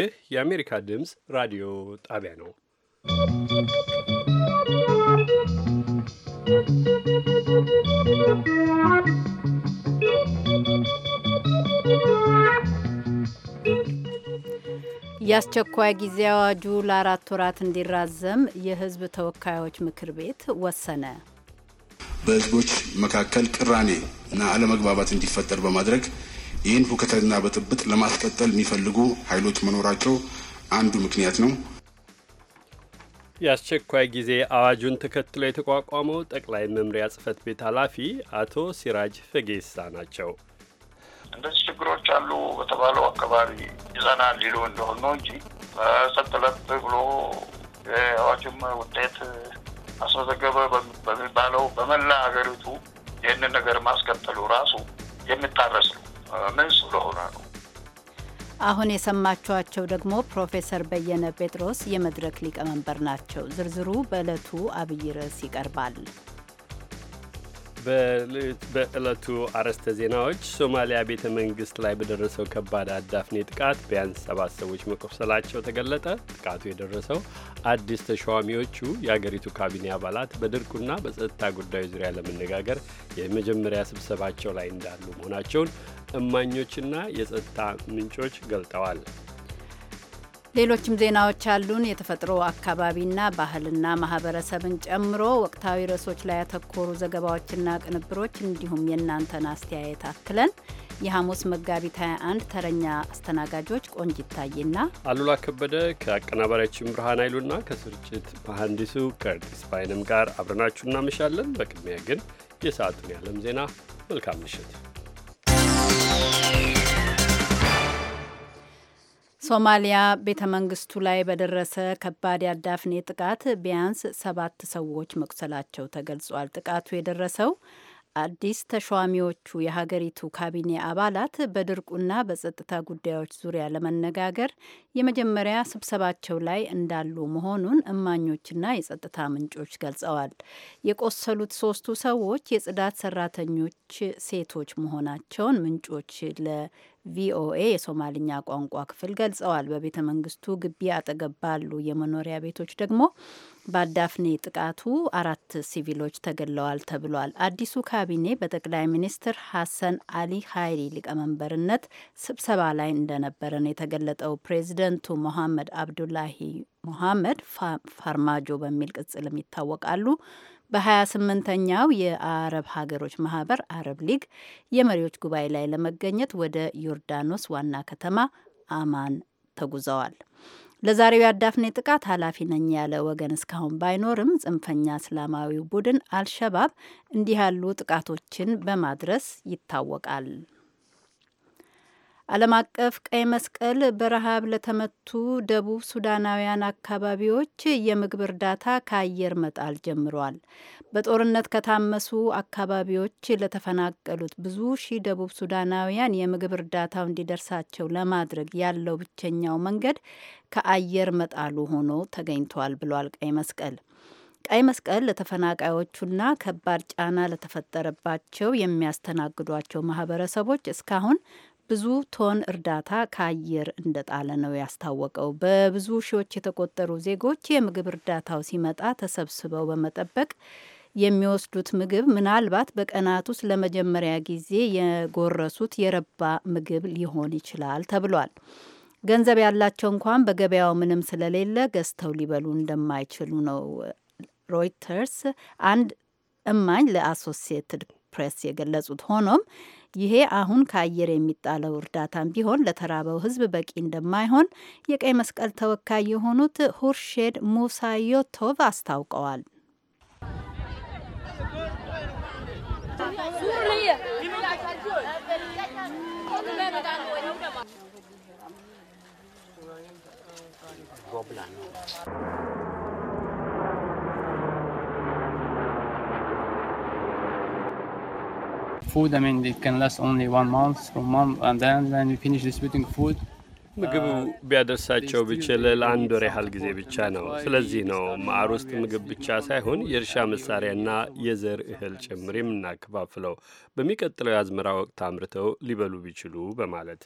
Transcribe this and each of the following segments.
ይህ የአሜሪካ ድምፅ ራዲዮ ጣቢያ ነው። የአስቸኳይ ጊዜ አዋጁ ለአራት ወራት እንዲራዘም የሕዝብ ተወካዮች ምክር ቤት ወሰነ። በሕዝቦች መካከል ቅራኔ እና አለመግባባት እንዲፈጠር በማድረግ ይህን ሁከትና ብጥብጥ ለማስቀጠል የሚፈልጉ ኃይሎች መኖራቸው አንዱ ምክንያት ነው። የአስቸኳይ ጊዜ አዋጁን ተከትሎ የተቋቋመው ጠቅላይ መምሪያ ጽህፈት ቤት ኃላፊ አቶ ሲራጅ ፈጌሳ ናቸው። እንደዚህ ችግሮች አሉ በተባለው አካባቢ ይዘናል ሊሉ እንደሆን ነው እንጂ ሰጥለጥ ብሎ የአዋጁም ውጤት አስመዘገበ በሚባለው በመላ ሀገሪቱ ይህንን ነገር ማስቀጠሉ ራሱ የሚታረስ ነው። መንሱ ለሆነ ነው። አሁን የሰማችኋቸው ደግሞ ፕሮፌሰር በየነ ጴጥሮስ የመድረክ ሊቀመንበር ናቸው። ዝርዝሩ በዕለቱ አብይ ርዕስ ይቀርባል። በዕለቱ አርዕስተ ዜናዎች ሶማሊያ ቤተ መንግስት ላይ በደረሰው ከባድ አዳፍኔ ጥቃት ቢያንስ ሰባት ሰዎች መቆሰላቸው ተገለጠ። ጥቃቱ የደረሰው አዲስ ተሿሚዎቹ የአገሪቱ ካቢኔ አባላት በድርቁና በጸጥታ ጉዳዮች ዙሪያ ለመነጋገር የመጀመሪያ ስብሰባቸው ላይ እንዳሉ መሆናቸውን እማኞችና የጸጥታ ምንጮች ገልጠዋል። ሌሎችም ዜናዎች አሉን። የተፈጥሮ አካባቢና ባህልና ማህበረሰብን ጨምሮ ወቅታዊ ርዕሶች ላይ ያተኮሩ ዘገባዎችና ቅንብሮች እንዲሁም የእናንተን አስተያየት አክለን የሐሙስ መጋቢት 21 ተረኛ አስተናጋጆች ቆንጅ ይታይና አሉላ ከበደ ከአቀናባሪያችን ብርሃን ኃይሉና ከስርጭት መሐንዲሱ ከርዲስ ባይንም ጋር አብረናችሁ እናመሻለን። በቅድሚያ ግን የሰዓቱን የዓለም ዜና። መልካም ምሽት። ሶማሊያ ቤተ መንግስቱ ላይ በደረሰ ከባድ ያዳፍኔ ጥቃት ቢያንስ ሰባት ሰዎች መቁሰላቸው ተገልጿል። ጥቃቱ የደረሰው አዲስ ተሿሚዎቹ የሀገሪቱ ካቢኔ አባላት በድርቁና በጸጥታ ጉዳዮች ዙሪያ ለመነጋገር የመጀመሪያ ስብሰባቸው ላይ እንዳሉ መሆኑን እማኞችና የጸጥታ ምንጮች ገልጸዋል። የቆሰሉት ሶስቱ ሰዎች የጽዳት ሰራተኞች ሴቶች መሆናቸውን ምንጮች ለቪኦኤ የሶማልኛ ቋንቋ ክፍል ገልጸዋል። በቤተ መንግስቱ ግቢ አጠገብ ባሉ የመኖሪያ ቤቶች ደግሞ በአዳፍኔ ጥቃቱ አራት ሲቪሎች ተገድለዋል ተብሏል። አዲሱ ካቢኔ በጠቅላይ ሚኒስትር ሐሰን አሊ ሀይሪ ሊቀመንበርነት ስብሰባ ላይ እንደነበረ ነው የተገለጠው። ፕሬዚደንቱ ሞሐመድ አብዱላሂ ሞሐመድ ፋርማጆ በሚል ቅጽልም ይታወቃሉ። በ28ኛው የአረብ ሀገሮች ማህበር አረብ ሊግ የመሪዎች ጉባኤ ላይ ለመገኘት ወደ ዮርዳኖስ ዋና ከተማ አማን ተጉዘዋል። ለዛሬው ያዳፍኔ ጥቃት ኃላፊ ነኝ ያለ ወገን እስካሁን ባይኖርም ጽንፈኛ እስላማዊው ቡድን አልሸባብ እንዲህ ያሉ ጥቃቶችን በማድረስ ይታወቃል። ዓለም አቀፍ ቀይ መስቀል በረሃብ ለተመቱ ደቡብ ሱዳናውያን አካባቢዎች የምግብ እርዳታ ከአየር መጣል ጀምሯል። በጦርነት ከታመሱ አካባቢዎች ለተፈናቀሉት ብዙ ሺህ ደቡብ ሱዳናውያን የምግብ እርዳታው እንዲደርሳቸው ለማድረግ ያለው ብቸኛው መንገድ ከአየር መጣሉ ሆኖ ተገኝቷል ብሏል ቀይ መስቀል። ቀይ መስቀል ለተፈናቃዮቹና ከባድ ጫና ለተፈጠረባቸው የሚያስተናግዷቸው ማህበረሰቦች እስካሁን ብዙ ቶን እርዳታ ከአየር እንደጣለ ነው ያስታወቀው። በብዙ ሺዎች የተቆጠሩ ዜጎች የምግብ እርዳታው ሲመጣ ተሰብስበው በመጠበቅ የሚወስዱት ምግብ ምናልባት በቀናት ውስጥ ለመጀመሪያ ጊዜ የጎረሱት የረባ ምግብ ሊሆን ይችላል ተብሏል። ገንዘብ ያላቸው እንኳን በገበያው ምንም ስለሌለ ገዝተው ሊበሉ እንደማይችሉ ነው ሮይተርስ አንድ እማኝ ለአሶሲየትድ ፕሬስ የገለጹት። ሆኖም ይሄ አሁን ከአየር የሚጣለው እርዳታም ቢሆን ለተራበው ህዝብ በቂ እንደማይሆን የቀይ መስቀል ተወካይ የሆኑት ሁርሼድ ሙሳዮቶቭ አስታውቀዋል። ነው። food. I mean, it can last only one month, one month, and then when you finish distributing food, ምግብ uh, ቢያደርሳቸው ብችል ለአንድ ወር ያህል ጊዜ ብቻ ነው። ስለዚህ ነው ማዕር ውስጥ ምግብ ብቻ ሳይሆን የእርሻ መሳሪያና የዘር እህል ጭምር የምናከፋፍለው በሚቀጥለው የአዝመራ ወቅት አምርተው ሊበሉ ቢችሉ በማለት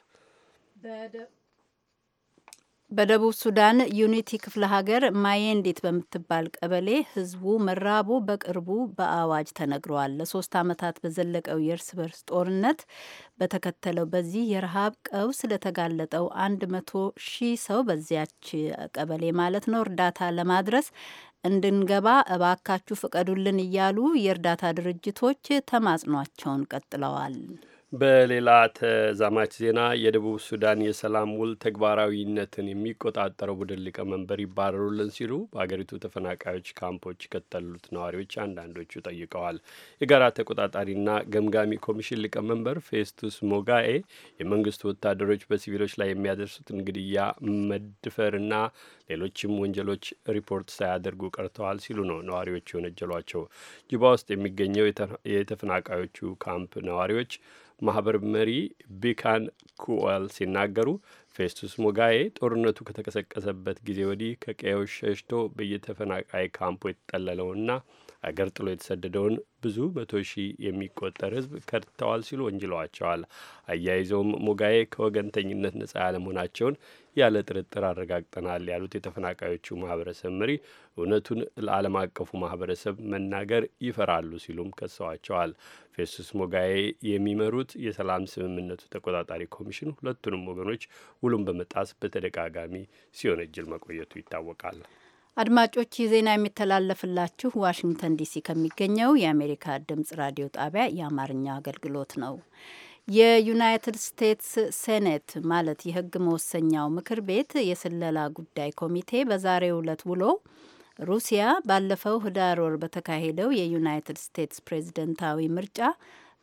በደቡብ ሱዳን ዩኒቲ ክፍለ ሀገር ማየንዲት በምትባል ቀበሌ ህዝቡ መራቡ በቅርቡ በአዋጅ ተነግሯል። ለሶስት ዓመታት በዘለቀው የእርስ በርስ ጦርነት በተከተለው በዚህ የረሃብ ቀውስ ለተጋለጠው አንድ መቶ ሺህ ሰው በዚያች ቀበሌ ማለት ነው እርዳታ ለማድረስ እንድንገባ እባካችሁ ፍቀዱልን እያሉ የእርዳታ ድርጅቶች ተማጽኗቸውን ቀጥለዋል። በሌላ ተዛማች ዜና የደቡብ ሱዳን የሰላም ውል ተግባራዊነትን የሚቆጣጠረው ቡድን ሊቀመንበር ይባረሩልን ሲሉ በሀገሪቱ ተፈናቃዮች ካምፖች የከተሉት ነዋሪዎች አንዳንዶቹ ጠይቀዋል። የጋራ ተቆጣጣሪና ገምጋሚ ኮሚሽን ሊቀመንበር ፌስቱስ ሞጋኤ የመንግስቱ ወታደሮች በሲቪሎች ላይ የሚያደርሱትን ግድያ፣ መድፈርና ሌሎችም ወንጀሎች ሪፖርት ሳያደርጉ ቀርተዋል ሲሉ ነው ነዋሪዎቹ የወነጀሏቸው። ጅባ ውስጥ የሚገኘው የተፈናቃዮቹ ካምፕ ነዋሪዎች ማህበር መሪ ቢካን ኩዌል ሲናገሩ ፌስቱስ ሞጋዬ ጦርነቱ ከተቀሰቀሰበት ጊዜ ወዲህ ከቀየው ሸሽቶ በየተፈናቃይ ካምፖ የተጠለለውና አገር ጥሎ የተሰደደውን ብዙ መቶ ሺህ የሚቆጠር ህዝብ ከድተዋል ሲሉ ወንጅለዋቸዋል። አያይዘውም ሞጋዬ ከወገንተኝነት ነጻ ያለመሆናቸውን ያለ ጥርጥር አረጋግጠናል ያሉት የተፈናቃዮቹ ማህበረሰብ መሪ እውነቱን ለዓለም አቀፉ ማህበረሰብ መናገር ይፈራሉ ሲሉም ከሰዋቸዋል። ፌስቱስ ሞጋዬ የሚመሩት የሰላም ስምምነቱ ተቆጣጣሪ ኮሚሽን ሁለቱንም ወገኖች ውሉን በመጣስ በተደጋጋሚ ሲወነጅል መቆየቱ ይታወቃል። አድማጮች ይህ ዜና የሚተላለፍላችሁ ዋሽንግተን ዲሲ ከሚገኘው የአሜሪካ ድምጽ ራዲዮ ጣቢያ የአማርኛ አገልግሎት ነው። የዩናይትድ ስቴትስ ሴኔት ማለት የህግ መወሰኛው ምክር ቤት የስለላ ጉዳይ ኮሚቴ በዛሬው ዕለት ውሎ ሩሲያ ባለፈው ህዳር ወር በተካሄደው የዩናይትድ ስቴትስ ፕሬዝደንታዊ ምርጫ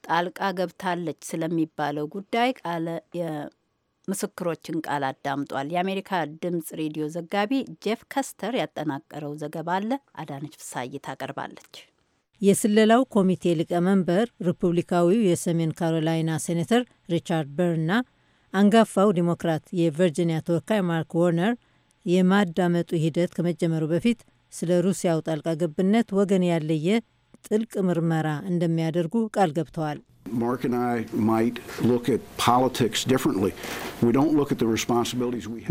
ጣልቃ ገብታለች ስለሚባለው ጉዳይ ቃለ የምስክሮችን ቃል አዳምጧል። የአሜሪካ ድምጽ ሬዲዮ ዘጋቢ ጄፍ ከስተር ያጠናቀረው ዘገባ አለ። አዳነች ፍሳይ ታቀርባለች። የስለላው ኮሚቴ ሊቀመንበር ሪፑብሊካዊው የሰሜን ካሮላይና ሴኔተር ሪቻርድ በርንና አንጋፋው ዲሞክራት የቨርጂኒያ ተወካይ ማርክ ዎርነር የማዳመጡ ሂደት ከመጀመሩ በፊት ስለ ሩሲያው ጣልቃ ገብነት ወገን ያለየ ጥልቅ ምርመራ እንደሚያደርጉ ቃል ገብተዋል።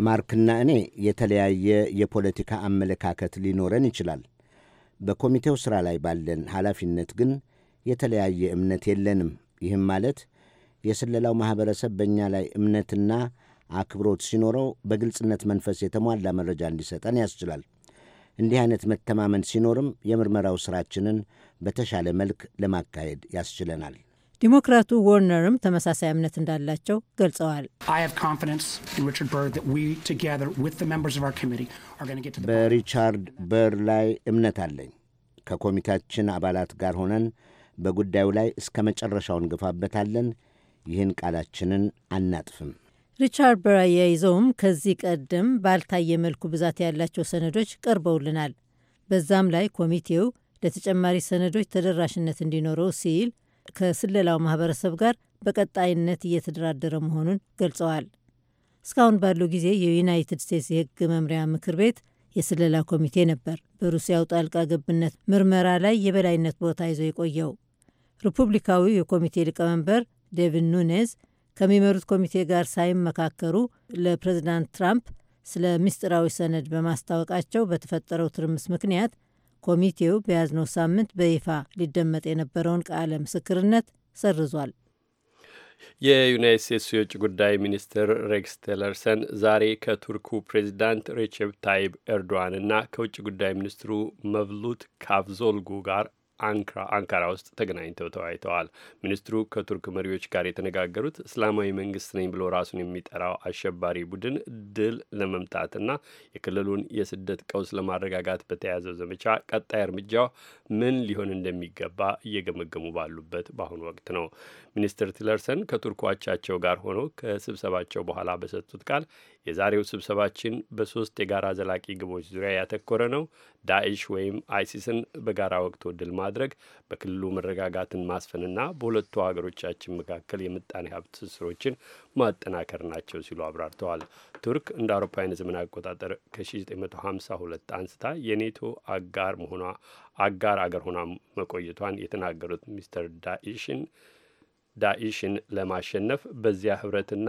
ማርክና እኔ የተለያየ የፖለቲካ አመለካከት ሊኖረን ይችላል። በኮሚቴው ሥራ ላይ ባለን ኃላፊነት ግን የተለያየ እምነት የለንም። ይህም ማለት የስለላው ማኅበረሰብ በእኛ ላይ እምነትና አክብሮት ሲኖረው በግልጽነት መንፈስ የተሟላ መረጃ እንዲሰጠን ያስችላል። እንዲህ አይነት መተማመን ሲኖርም የምርመራው ሥራችንን በተሻለ መልክ ለማካሄድ ያስችለናል። ዲሞክራቱ ወርነርም ተመሳሳይ እምነት እንዳላቸው ገልጸዋል። በሪቻርድ በር ላይ እምነት አለኝ። ከኮሚታችን አባላት ጋር ሆነን በጉዳዩ ላይ እስከ መጨረሻው እንገፋበታለን። ይህን ቃላችንን አናጥፍም። ሪቻርድ በር አያይዘውም ከዚህ ቀደም ባልታየ መልኩ ብዛት ያላቸው ሰነዶች ቀርበውልናል። በዛም ላይ ኮሚቴው ለተጨማሪ ሰነዶች ተደራሽነት እንዲኖረው ሲል ከስለላው ማህበረሰብ ጋር በቀጣይነት እየተደራደረ መሆኑን ገልጸዋል። እስካሁን ባለው ጊዜ የዩናይትድ ስቴትስ የህግ መምሪያ ምክር ቤት የስለላ ኮሚቴ ነበር በሩሲያው ጣልቃ ገብነት ምርመራ ላይ የበላይነት ቦታ ይዞ የቆየው። ሪፑብሊካዊው የኮሚቴ ሊቀመንበር ዴቪን ኑኔዝ ከሚመሩት ኮሚቴ ጋር ሳይመካከሩ ለፕሬዚዳንት ትራምፕ ስለ ምስጢራዊ ሰነድ በማስታወቃቸው በተፈጠረው ትርምስ ምክንያት ኮሚቴው በያዝነው ሳምንት በይፋ ሊደመጥ የነበረውን ቃለ ምስክርነት ሰርዟል። የዩናይት ስቴትስ የውጭ ጉዳይ ሚኒስትር ሬክስ ቴለርሰን ዛሬ ከቱርኩ ፕሬዚዳንት ሬቼፕ ታይብ ኤርዶዋን እና ከውጭ ጉዳይ ሚኒስትሩ መቭሉት ካቭዞልጉ ጋር አንካራ ውስጥ ተገናኝተው ተወያይተዋል። ሚኒስትሩ ከቱርክ መሪዎች ጋር የተነጋገሩት እስላማዊ መንግስት ነኝ ብሎ ራሱን የሚጠራው አሸባሪ ቡድን ድል ለመምታትና የክልሉን የስደት ቀውስ ለማረጋጋት በተያያዘው ዘመቻ ቀጣይ እርምጃው ምን ሊሆን እንደሚገባ እየገመገሙ ባሉበት በአሁኑ ወቅት ነው። ሚኒስትር ቲለርሰን ከቱርክ አቻቸው ጋር ሆነው ከስብሰባቸው በኋላ በሰጡት ቃል የዛሬው ስብሰባችን በሶስት የጋራ ዘላቂ ግቦች ዙሪያ ያተኮረ ነው። ዳኤሽ ወይም አይሲስን በጋራ ወቅቶ ድል ማድረግ፣ በክልሉ መረጋጋትን ማስፈንና በሁለቱ ሀገሮቻችን መካከል የምጣኔ ሀብት ትስስሮችን ማጠናከር ናቸው ሲሉ አብራርተዋል። ቱርክ እንደ አውሮፓውያን ዘመን አቆጣጠር ከ1952 አንስታ የኔቶ አጋር መሆኗ አጋር አገር ሆኗ መቆየቷን የተናገሩት ሚስተር ዳኢሽን ዳኢሽን ለማሸነፍ በዚያ ህብረትና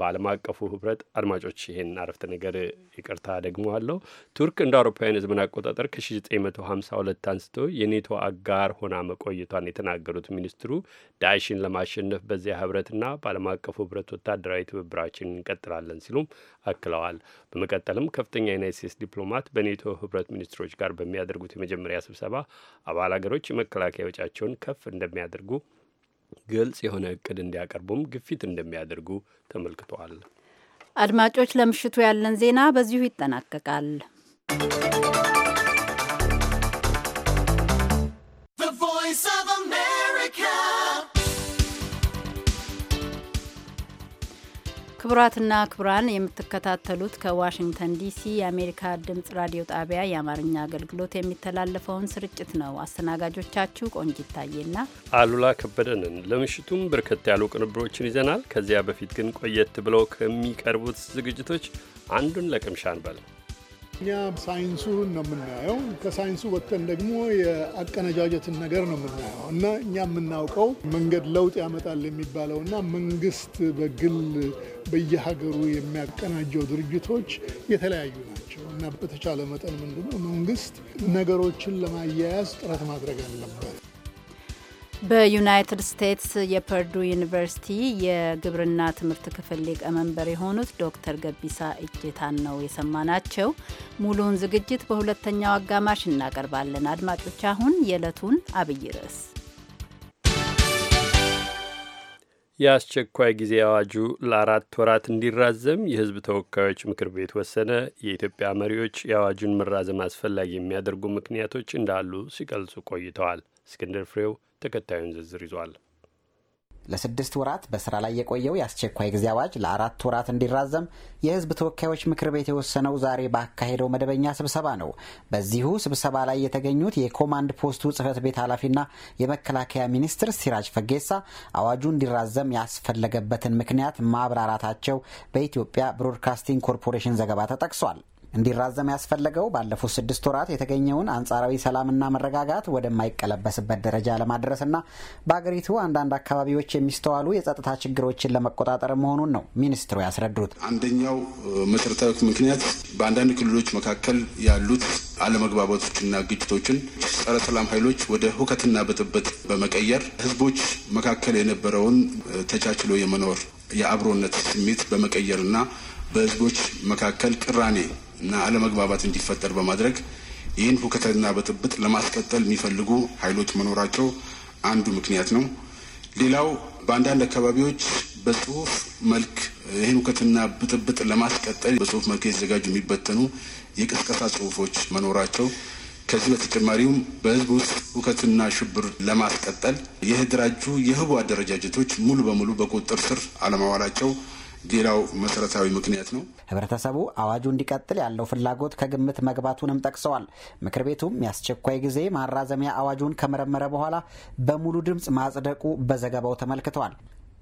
በዓለም አቀፉ ህብረት አድማጮች ይሄን አረፍተ ነገር ይቅርታ ደግሞ አለው። ቱርክ እንደ አውሮፓውያን ህዝብን አቆጣጠር ከ1952 አንስቶ የኔቶ አጋር ሆና መቆየቷን የተናገሩት ሚኒስትሩ ዳሽን ለማሸነፍ በዚያ ህብረትና በዓለም አቀፉ ህብረት ወታደራዊ ትብብራችን እንቀጥላለን ሲሉም አክለዋል። በመቀጠልም ከፍተኛ የዩናይት ስቴትስ ዲፕሎማት በኔቶ ህብረት ሚኒስትሮች ጋር በሚያደርጉት የመጀመሪያ ስብሰባ አባል ሀገሮች የመከላከያ ወጫቸውን ከፍ እንደሚያደርጉ ግልጽ የሆነ እቅድ እንዲያቀርቡም ግፊት እንደሚያደርጉ ተመልክተዋል። አድማጮች፣ ለምሽቱ ያለን ዜና በዚሁ ይጠናቀቃል። ክቡራትና ክቡራን የምትከታተሉት ከዋሽንግተን ዲሲ የአሜሪካ ድምጽ ራዲዮ ጣቢያ የአማርኛ አገልግሎት የሚተላለፈውን ስርጭት ነው። አስተናጋጆቻችሁ ቆንጅ ይታየና። አሉላ ከበደንን። ለምሽቱም በርከት ያሉ ቅንብሮችን ይዘናል። ከዚያ በፊት ግን ቆየት ብለው ከሚቀርቡት ዝግጅቶች አንዱን ለቅምሻ እንበል። እኛ ሳይንሱን ነው የምናየው። ከሳይንሱ ወጥተን ደግሞ የአቀነጃጀትን ነገር ነው የምናየው እና እኛ የምናውቀው መንገድ ለውጥ ያመጣል የሚባለው እና መንግስት በግል በየሀገሩ የሚያቀናጀው ድርጅቶች የተለያዩ ናቸው እና በተቻለ መጠን ምንድነው መንግስት ነገሮችን ለማያያዝ ጥረት ማድረግ አለበት። በዩናይትድ ስቴትስ የፐርዱ ዩኒቨርሲቲ የግብርና ትምህርት ክፍል ሊቀመንበር የሆኑት ዶክተር ገቢሳ እጀታን ነው የሰማናቸው። ሙሉውን ዝግጅት በሁለተኛው አጋማሽ እናቀርባለን። አድማጮች፣ አሁን የዕለቱን አብይ ርዕስ የአስቸኳይ ጊዜ አዋጁ ለአራት ወራት እንዲራዘም የሕዝብ ተወካዮች ምክር ቤት ወሰነ። የኢትዮጵያ መሪዎች የአዋጁን መራዘም አስፈላጊ የሚያደርጉ ምክንያቶች እንዳሉ ሲገልጹ ቆይተዋል። እስክንድር ፍሬው ተከታዩን ዝርዝር ይዟል። ለስድስት ወራት በስራ ላይ የቆየው የአስቸኳይ ጊዜ አዋጅ ለአራት ወራት እንዲራዘም የሕዝብ ተወካዮች ምክር ቤት የወሰነው ዛሬ ባካሄደው መደበኛ ስብሰባ ነው። በዚሁ ስብሰባ ላይ የተገኙት የኮማንድ ፖስቱ ጽህፈት ቤት ኃላፊና የመከላከያ ሚኒስትር ሲራጅ ፈጌሳ አዋጁ እንዲራዘም ያስፈለገበትን ምክንያት ማብራራታቸው በኢትዮጵያ ብሮድካስቲንግ ኮርፖሬሽን ዘገባ ተጠቅሷል። እንዲራዘም ያስፈለገው ባለፉት ስድስት ወራት የተገኘውን አንጻራዊ ሰላምና መረጋጋት ወደማይቀለበስበት ደረጃ ለማድረስና በአገሪቱ አንዳንድ አካባቢዎች የሚስተዋሉ የጸጥታ ችግሮችን ለመቆጣጠር መሆኑን ነው ሚኒስትሩ ያስረዱት። አንደኛው መሰረታዊ ምክንያት በአንዳንድ ክልሎች መካከል ያሉት አለመግባባቶችና ግጭቶችን ጸረ ሰላም ኃይሎች ወደ ሁከትና ብጥብጥ በመቀየር ህዝቦች መካከል የነበረውን ተቻችሎ የመኖር የአብሮነት ስሜት በመቀየርና በህዝቦች መካከል ቅራኔ እና አለመግባባት እንዲፈጠር በማድረግ ይህን ሁከትና ብጥብጥ ለማስቀጠል የሚፈልጉ ኃይሎች መኖራቸው አንዱ ምክንያት ነው። ሌላው በአንዳንድ አካባቢዎች በጽሁፍ መልክ ይህን ሁከትና ብጥብጥ ለማስቀጠል በጽሁፍ መልክ የተዘጋጁ የሚበተኑ የቅስቀሳ ጽሁፎች መኖራቸው፣ ከዚህ በተጨማሪውም በህዝብ ውስጥ ሁከትና ሽብር ለማስቀጠል የህድራጁ የህቡ አደረጃጀቶች ሙሉ በሙሉ በቁጥጥር ስር አለማዋላቸው ሌላው መሰረታዊ ምክንያት ነው። ህብረተሰቡ አዋጁ እንዲቀጥል ያለው ፍላጎት ከግምት መግባቱንም ጠቅሰዋል። ምክር ቤቱም የአስቸኳይ ጊዜ ማራዘሚያ አዋጁን ከመረመረ በኋላ በሙሉ ድምፅ ማጽደቁ በዘገባው ተመልክተዋል።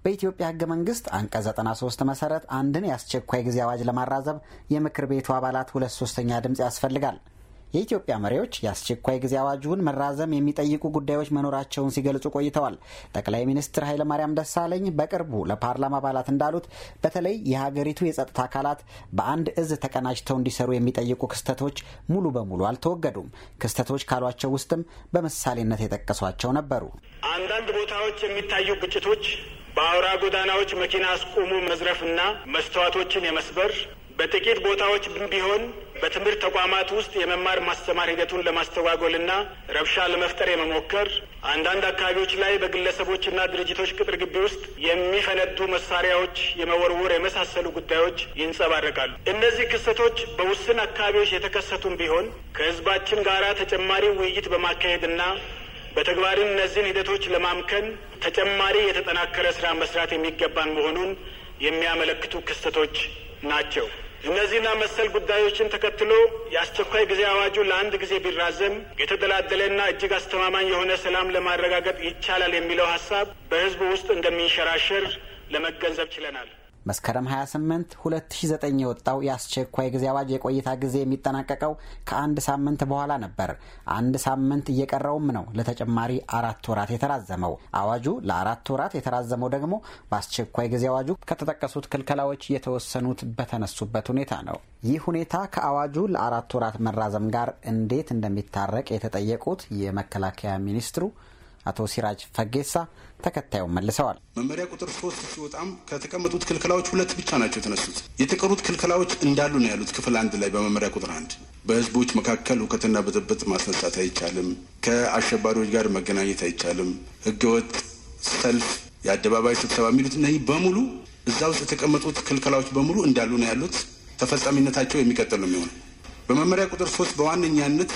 በኢትዮጵያ ህገ መንግስት አንቀጽ 93 መሰረት አንድን የአስቸኳይ ጊዜ አዋጅ ለማራዘም የምክር ቤቱ አባላት ሁለት ሶስተኛ ድምፅ ያስፈልጋል። የኢትዮጵያ መሪዎች የአስቸኳይ ጊዜ አዋጁን መራዘም የሚጠይቁ ጉዳዮች መኖራቸውን ሲገልጹ ቆይተዋል። ጠቅላይ ሚኒስትር ኃይለማርያም ደሳለኝ በቅርቡ ለፓርላማ አባላት እንዳሉት በተለይ የሀገሪቱ የጸጥታ አካላት በአንድ እዝ ተቀናጅተው እንዲሰሩ የሚጠይቁ ክስተቶች ሙሉ በሙሉ አልተወገዱም። ክስተቶች ካሏቸው ውስጥም በምሳሌነት የጠቀሷቸው ነበሩ። አንዳንድ ቦታዎች የሚታዩ ግጭቶች በአውራ ጎዳናዎች መኪና አስቆሙ መዝረፍና መስተዋቶችን የመስበር በጥቂት ቦታዎች ቢሆን በትምህርት ተቋማት ውስጥ የመማር ማስተማር ሂደቱን ለማስተጓጎልና ረብሻ ለመፍጠር የመሞከር አንዳንድ አካባቢዎች ላይ በግለሰቦችና ድርጅቶች ቅጥር ግቢ ውስጥ የሚፈነዱ መሳሪያዎች የመወርወር የመሳሰሉ ጉዳዮች ይንጸባረቃሉ። እነዚህ ክስተቶች በውስን አካባቢዎች የተከሰቱም ቢሆን ከህዝባችን ጋር ተጨማሪ ውይይት በማካሄድና በተግባርን እነዚህን ሂደቶች ለማምከን ተጨማሪ የተጠናከረ ስራ መስራት የሚገባን መሆኑን የሚያመለክቱ ክስተቶች ናቸው። እነዚህና መሰል ጉዳዮችን ተከትሎ የአስቸኳይ ጊዜ አዋጁ ለአንድ ጊዜ ቢራዘም የተደላደለና እጅግ አስተማማኝ የሆነ ሰላም ለማረጋገጥ ይቻላል የሚለው ሀሳብ በህዝቡ ውስጥ እንደሚንሸራሸር ለመገንዘብ ችለናል። መስከረም 28 2009 የወጣው የአስቸኳይ ጊዜ አዋጅ የቆይታ ጊዜ የሚጠናቀቀው ከአንድ ሳምንት በኋላ ነበር። አንድ ሳምንት እየቀረውም ነው ለተጨማሪ አራት ወራት የተራዘመው። አዋጁ ለአራት ወራት የተራዘመው ደግሞ በአስቸኳይ ጊዜ አዋጁ ከተጠቀሱት ክልከላዎች የተወሰኑት በተነሱበት ሁኔታ ነው። ይህ ሁኔታ ከአዋጁ ለአራት ወራት መራዘም ጋር እንዴት እንደሚታረቅ የተጠየቁት የመከላከያ ሚኒስትሩ አቶ ሲራጅ ፈጌሳ ተከታዩን መልሰዋል። መመሪያ ቁጥር ሶስት ሲወጣም ከተቀመጡት ክልከላዎች ሁለት ብቻ ናቸው የተነሱት። የተቀሩት ክልከላዎች እንዳሉ ነው ያሉት ክፍል አንድ ላይ በመመሪያ ቁጥር አንድ በህዝቦች መካከል እውከትና ብጥብጥ ማስነሳት አይቻልም፣ ከአሸባሪዎች ጋር መገናኘት አይቻልም፣ ህገወጥ ሰልፍ፣ የአደባባይ ስብሰባ የሚሉት እነህ በሙሉ እዛ ውስጥ የተቀመጡት ክልከላዎች በሙሉ እንዳሉ ነው ያሉት። ተፈጻሚነታቸው የሚቀጥል ነው የሚሆነው። በመመሪያ ቁጥር ሶስት በዋነኛነት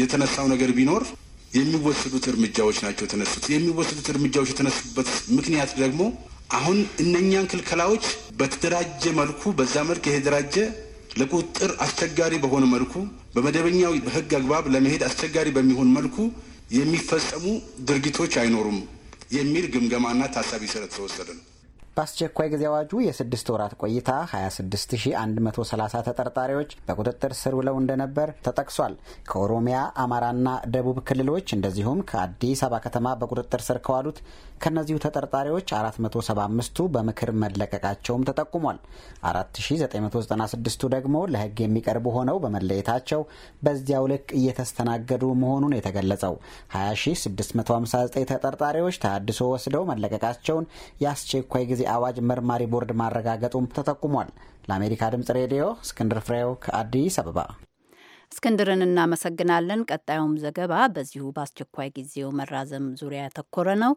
የተነሳው ነገር ቢኖር የሚወሰዱት እርምጃዎች ናቸው የተነሱት። የሚወሰዱት እርምጃዎች የተነሱበት ምክንያት ደግሞ አሁን እነኛን ክልከላዎች በተደራጀ መልኩ በዛ መልክ የተደራጀ ለቁጥጥር አስቸጋሪ በሆነ መልኩ በመደበኛው ሕግ አግባብ ለመሄድ አስቸጋሪ በሚሆን መልኩ የሚፈጸሙ ድርጊቶች አይኖሩም የሚል ግምገማና ታሳቢ ስረት ተወሰደ ነው። በአስቸኳይ ጊዜ አዋጁ የስድስት ወራት ቆይታ 26130 ተጠርጣሪዎች በቁጥጥር ስር ውለው እንደነበር ተጠቅሷል። ከኦሮሚያ፣ አማራና ደቡብ ክልሎች እንደዚሁም ከአዲስ አበባ ከተማ በቁጥጥር ስር ከዋሉት ከእነዚሁ ተጠርጣሪዎች 475ቱ በምክር መለቀቃቸውም ተጠቁሟል። 4996ቱ ደግሞ ለሕግ የሚቀርቡ ሆነው በመለየታቸው በዚያው ልክ እየተስተናገዱ መሆኑን የተገለጸው 20659 ተጠርጣሪዎች ተሃድሶ ወስደው መለቀቃቸውን የአስቸኳይ ጊዜ አዋጅ መርማሪ ቦርድ ማረጋገጡም ተጠቁሟል። ለአሜሪካ ድምጽ ሬዲዮ እስክንድር ፍሬው ከአዲስ አበባ እስክንድርን እናመሰግናለን። ቀጣዩም ዘገባ በዚሁ በአስቸኳይ ጊዜው መራዘም ዙሪያ ያተኮረ ነው።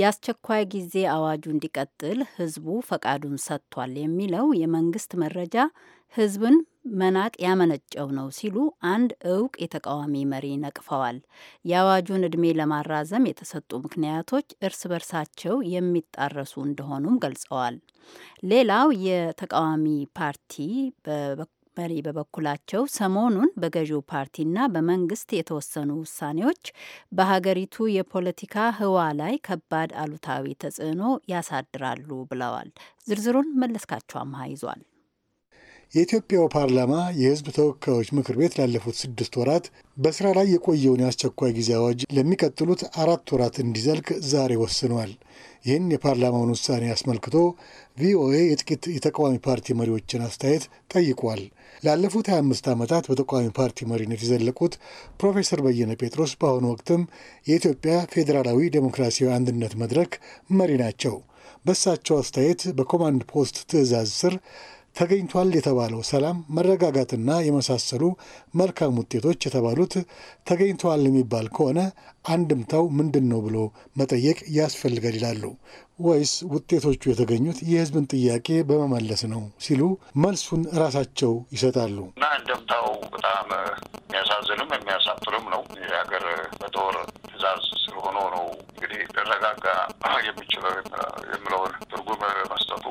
የአስቸኳይ ጊዜ አዋጁ እንዲቀጥል ህዝቡ ፈቃዱን ሰጥቷል የሚለው የመንግስት መረጃ ህዝብን መናቅ ያመነጨው ነው ሲሉ አንድ እውቅ የተቃዋሚ መሪ ነቅፈዋል። የአዋጁን ዕድሜ ለማራዘም የተሰጡ ምክንያቶች እርስ በርሳቸው የሚጣረሱ እንደሆኑም ገልጸዋል። ሌላው የተቃዋሚ ፓርቲ መሪ በበኩላቸው ሰሞኑን በገዢው ፓርቲና በመንግስት የተወሰኑ ውሳኔዎች በሀገሪቱ የፖለቲካ ህዋ ላይ ከባድ አሉታዊ ተጽዕኖ ያሳድራሉ ብለዋል። ዝርዝሩን መለስካቸው አምሃ ይዟል። የኢትዮጵያው ፓርላማ የህዝብ ተወካዮች ምክር ቤት ላለፉት ስድስት ወራት በስራ ላይ የቆየውን የአስቸኳይ ጊዜ አዋጅ ለሚቀጥሉት አራት ወራት እንዲዘልቅ ዛሬ ወስኗል። ይህን የፓርላማውን ውሳኔ አስመልክቶ ቪኦኤ የጥቂት የተቃዋሚ ፓርቲ መሪዎችን አስተያየት ጠይቋል። ላለፉት 25 ዓመታት በተቃዋሚ ፓርቲ መሪነት የዘለቁት ፕሮፌሰር በየነ ጴጥሮስ በአሁኑ ወቅትም የኢትዮጵያ ፌዴራላዊ ዴሞክራሲያዊ አንድነት መድረክ መሪ ናቸው። በእሳቸው አስተያየት በኮማንድ ፖስት ትዕዛዝ ስር ተገኝቷል የተባለው ሰላም፣ መረጋጋትና የመሳሰሉ መልካም ውጤቶች የተባሉት ተገኝተዋል የሚባል ከሆነ አንድምታው ምንድን ነው ብሎ መጠየቅ ያስፈልጋል ይላሉ። ወይስ ውጤቶቹ የተገኙት የህዝብን ጥያቄ በመመለስ ነው ሲሉ መልሱን ራሳቸው ይሰጣሉ። እና አንድምታው በጣም የሚያሳዝንም የሚያሳፍርም ነው። የሀገር በጦር ትዕዛዝ ስለሆነ ነው እንግዲህ ልረጋጋ የሚችለው የምለውን ትርጉም መስጠቱ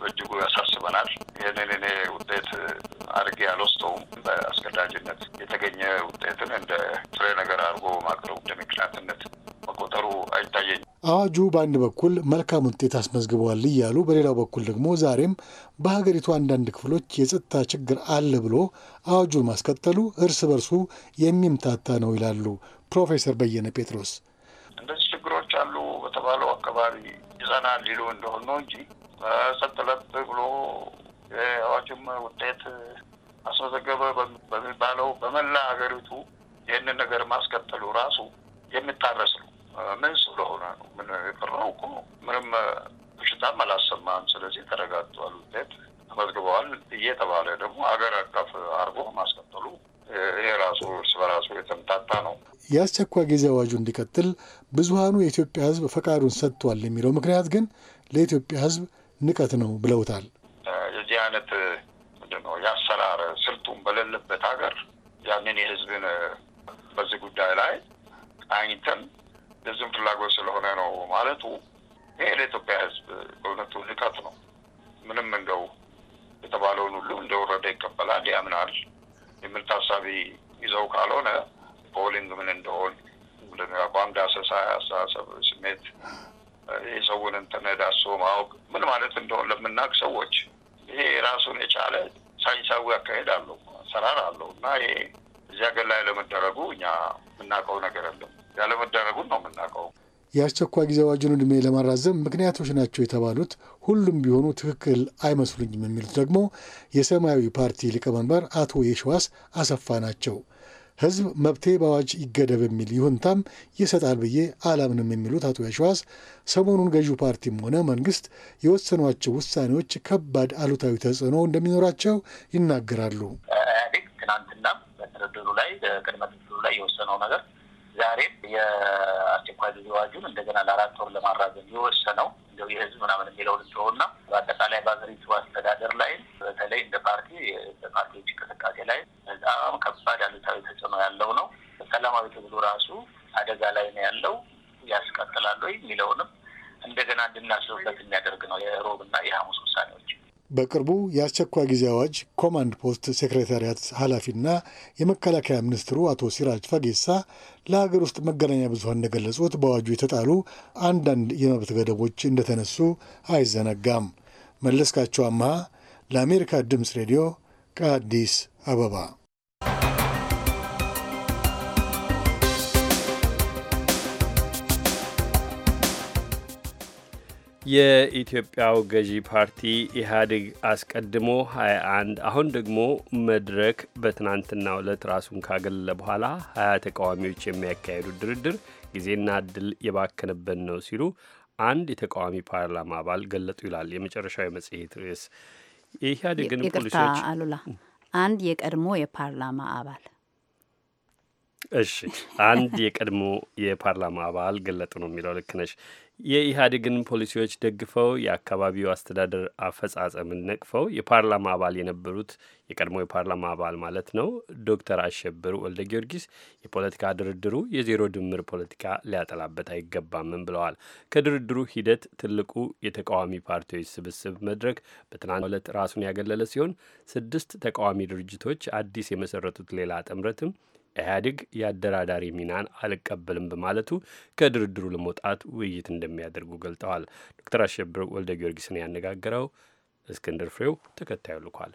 በእጅጉ ያሳስበናል። ይህንን እኔ ውጤት አድርጌ አልወስደውም። በአስገዳጅነት የተገኘ ውጤትን እንደ ፍሬ ነገር አድርጎ ማቅረብ ምክንያትነት መቆጠሩ አይታየኝ። አዋጁ በአንድ በኩል መልካም ውጤት አስመዝግበዋል እያሉ፣ በሌላው በኩል ደግሞ ዛሬም በሀገሪቱ አንዳንድ ክፍሎች የጸጥታ ችግር አለ ብሎ አዋጁን ማስቀጠሉ እርስ በርሱ የሚምታታ ነው ይላሉ ፕሮፌሰር በየነ ጴጥሮስ። እንደዚህ ችግሮች አሉ በተባለው አካባቢ ይዘናል ሊሉ እንደሆን ነው እንጂ ሰጥለት ብሎ የአዋጁም ውጤት አስመዘገበ በሚባለው በመላ ሀገሪቱ ይህንን ነገር ማስቀጠሉ ራሱ የሚታረስ ነው። ምን ስለሆነ ነው ምን የቀረው እኮ ምንም በሽታም አላሰማም። ስለዚህ ተረጋግጧል፣ ውጤት ተመዝግበዋል እየተባለ ደግሞ አገር አቀፍ አድርጎ ማስቀጠሉ ይሄ ራሱ እርስ በራሱ የተምታታ ነው። የአስቸኳይ ጊዜ አዋጁ እንዲቀጥል ብዙሀኑ የኢትዮጵያ ሕዝብ ፈቃዱን ሰጥቷል የሚለው ምክንያት ግን ለኢትዮጵያ ሕዝብ ንቀት ነው ብለውታል። የዚህ አይነት ምንድነው የአሰራር ስልቱን በሌለበት ሀገር ያንን የህዝብን በዚህ ጉዳይ ላይ አይተን ለዚህም ፍላጎት ስለሆነ ነው ማለቱ ይሄ ለኢትዮጵያ ህዝብ በእውነቱ ንቀት ነው። ምንም እንደው የተባለውን ሁሉ እንደወረደ ይቀበላል፣ ያምናል የሚል ታሳቢ ይዘው ካልሆነ ፖሊንግ ምን እንደሆን አቋም ዳሰሳ፣ አስተሳሰብ፣ ስሜት የሰውን እንትን ዳሶ ማወቅ ምን ማለት እንደሆን ለምናውቅ ሰዎች ይሄ ራሱን የቻለ ሳይንሳዊ አካሄድ አለው፣ አሰራር አለው እና ይሄ እዚህ ሀገር ላይ ለመደረጉ እኛ የምናውቀው ነገር የለም። ያለመደረጉን ነው የምናውቀው። የአስቸኳይ ጊዜ አዋጁን ዕድሜ ለማራዘም ምክንያቶች ናቸው የተባሉት ሁሉም ቢሆኑ ትክክል አይመስሉኝም የሚሉት ደግሞ የሰማያዊ ፓርቲ ሊቀመንበር አቶ የሸዋስ አሰፋ ናቸው። ህዝብ መብቴ በአዋጅ ይገደብ የሚል ይሁንታም ይሰጣል ብዬ አላምንም የሚሉት አቶ የሸዋስ ሰሞኑን ገዢው ፓርቲም ሆነ መንግስት የወሰኗቸው ውሳኔዎች ከባድ አሉታዊ ተጽዕኖ እንደሚኖራቸው ይናገራሉ። ኢህአዴግ ትናንትና በድርድሩ ላይ በቅድመ ድርድሩ ላይ የወሰነው ነገር ዛሬም የአስቸኳይ ጊዜ አዋጁን እንደገና ለአራት ወር ለማራዘም የወሰነው እንደው የህዝብ ምናምን የሚለው ልትሆና በአጠቃላይ በሀገሪቱ አስተዳደር ላይ በተለይ እንደ ፓርቲ በፓርቲዎች እንቅስቃሴ ላይ በጣም ከባድ አሉታዊ ተጽዕኖ ያለው ነው። ሰላማዊ ትግሉ ራሱ አደጋ ላይ ነው ያለው። ያስቀጥላሉ የሚለውንም እንደገና እንድናስብበት የሚያደርግ ነው የሮብና የሐሙስ ውሳኔዎች በቅርቡ የአስቸኳይ ጊዜ አዋጅ ኮማንድ ፖስት ሴክሬታሪያት ኃላፊና የመከላከያ ሚኒስትሩ አቶ ሲራጅ ፈጌሳ ለሀገር ውስጥ መገናኛ ብዙኃን እንደገለጹት በአዋጁ የተጣሉ አንዳንድ የመብት ገደቦች እንደተነሱ አይዘነጋም። መለስካቸው አምሃ ለአሜሪካ ድምፅ ሬዲዮ ከአዲስ አበባ የኢትዮጵያው ገዢ ፓርቲ ኢህአዴግ አስቀድሞ 21 አሁን ደግሞ መድረክ በትናንትና ዕለት ራሱን ካገለለ በኋላ 20 ተቃዋሚዎች የሚያካሄዱት ድርድር ጊዜና እድል የባከነበት ነው ሲሉ አንድ የተቃዋሚ ፓርላማ አባል ገለጡ ይላል የመጨረሻዊ መጽሔት ርዕስ። የኢህአዴግን ፖሊሲዎች አሉላ አንድ የቀድሞ የፓርላማ አባል እሺ፣ አንድ የቀድሞ የፓርላማ አባል ገለጡ ነው የሚለው ልክ ነሽ። የኢህአዴግን ፖሊሲዎች ደግፈው የአካባቢው አስተዳደር አፈጻጸምን ነቅፈው የፓርላማ አባል የነበሩት የቀድሞ የፓርላማ አባል ማለት ነው ዶክተር አሸብር ወልደ ጊዮርጊስ የፖለቲካ ድርድሩ የዜሮ ድምር ፖለቲካ ሊያጠላበት አይገባምም ብለዋል። ከድርድሩ ሂደት ትልቁ የተቃዋሚ ፓርቲዎች ስብስብ መድረክ በትናንት ዕለት ራሱን ያገለለ ሲሆን ስድስት ተቃዋሚ ድርጅቶች አዲስ የመሰረቱት ሌላ ጥምረትም ኢህአዴግ የአደራዳሪ ሚናን አልቀበልም በማለቱ ከድርድሩ ለመውጣት ውይይት እንደሚያደርጉ ገልጠዋል። ዶክተር አሸብር ወልደ ጊዮርጊስን ያነጋገረው እስክንድር ፍሬው ተከታዩ ልኳል።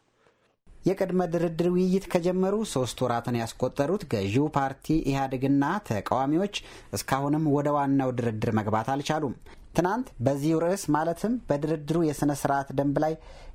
የቅድመ ድርድር ውይይት ከጀመሩ ሶስት ወራትን ያስቆጠሩት ገዢው ፓርቲ ኢህአዴግና ተቃዋሚዎች እስካሁንም ወደ ዋናው ድርድር መግባት አልቻሉም። ትናንት በዚሁ ርዕስ ማለትም በድርድሩ የሥነ ሥርዓት ደንብ ላይ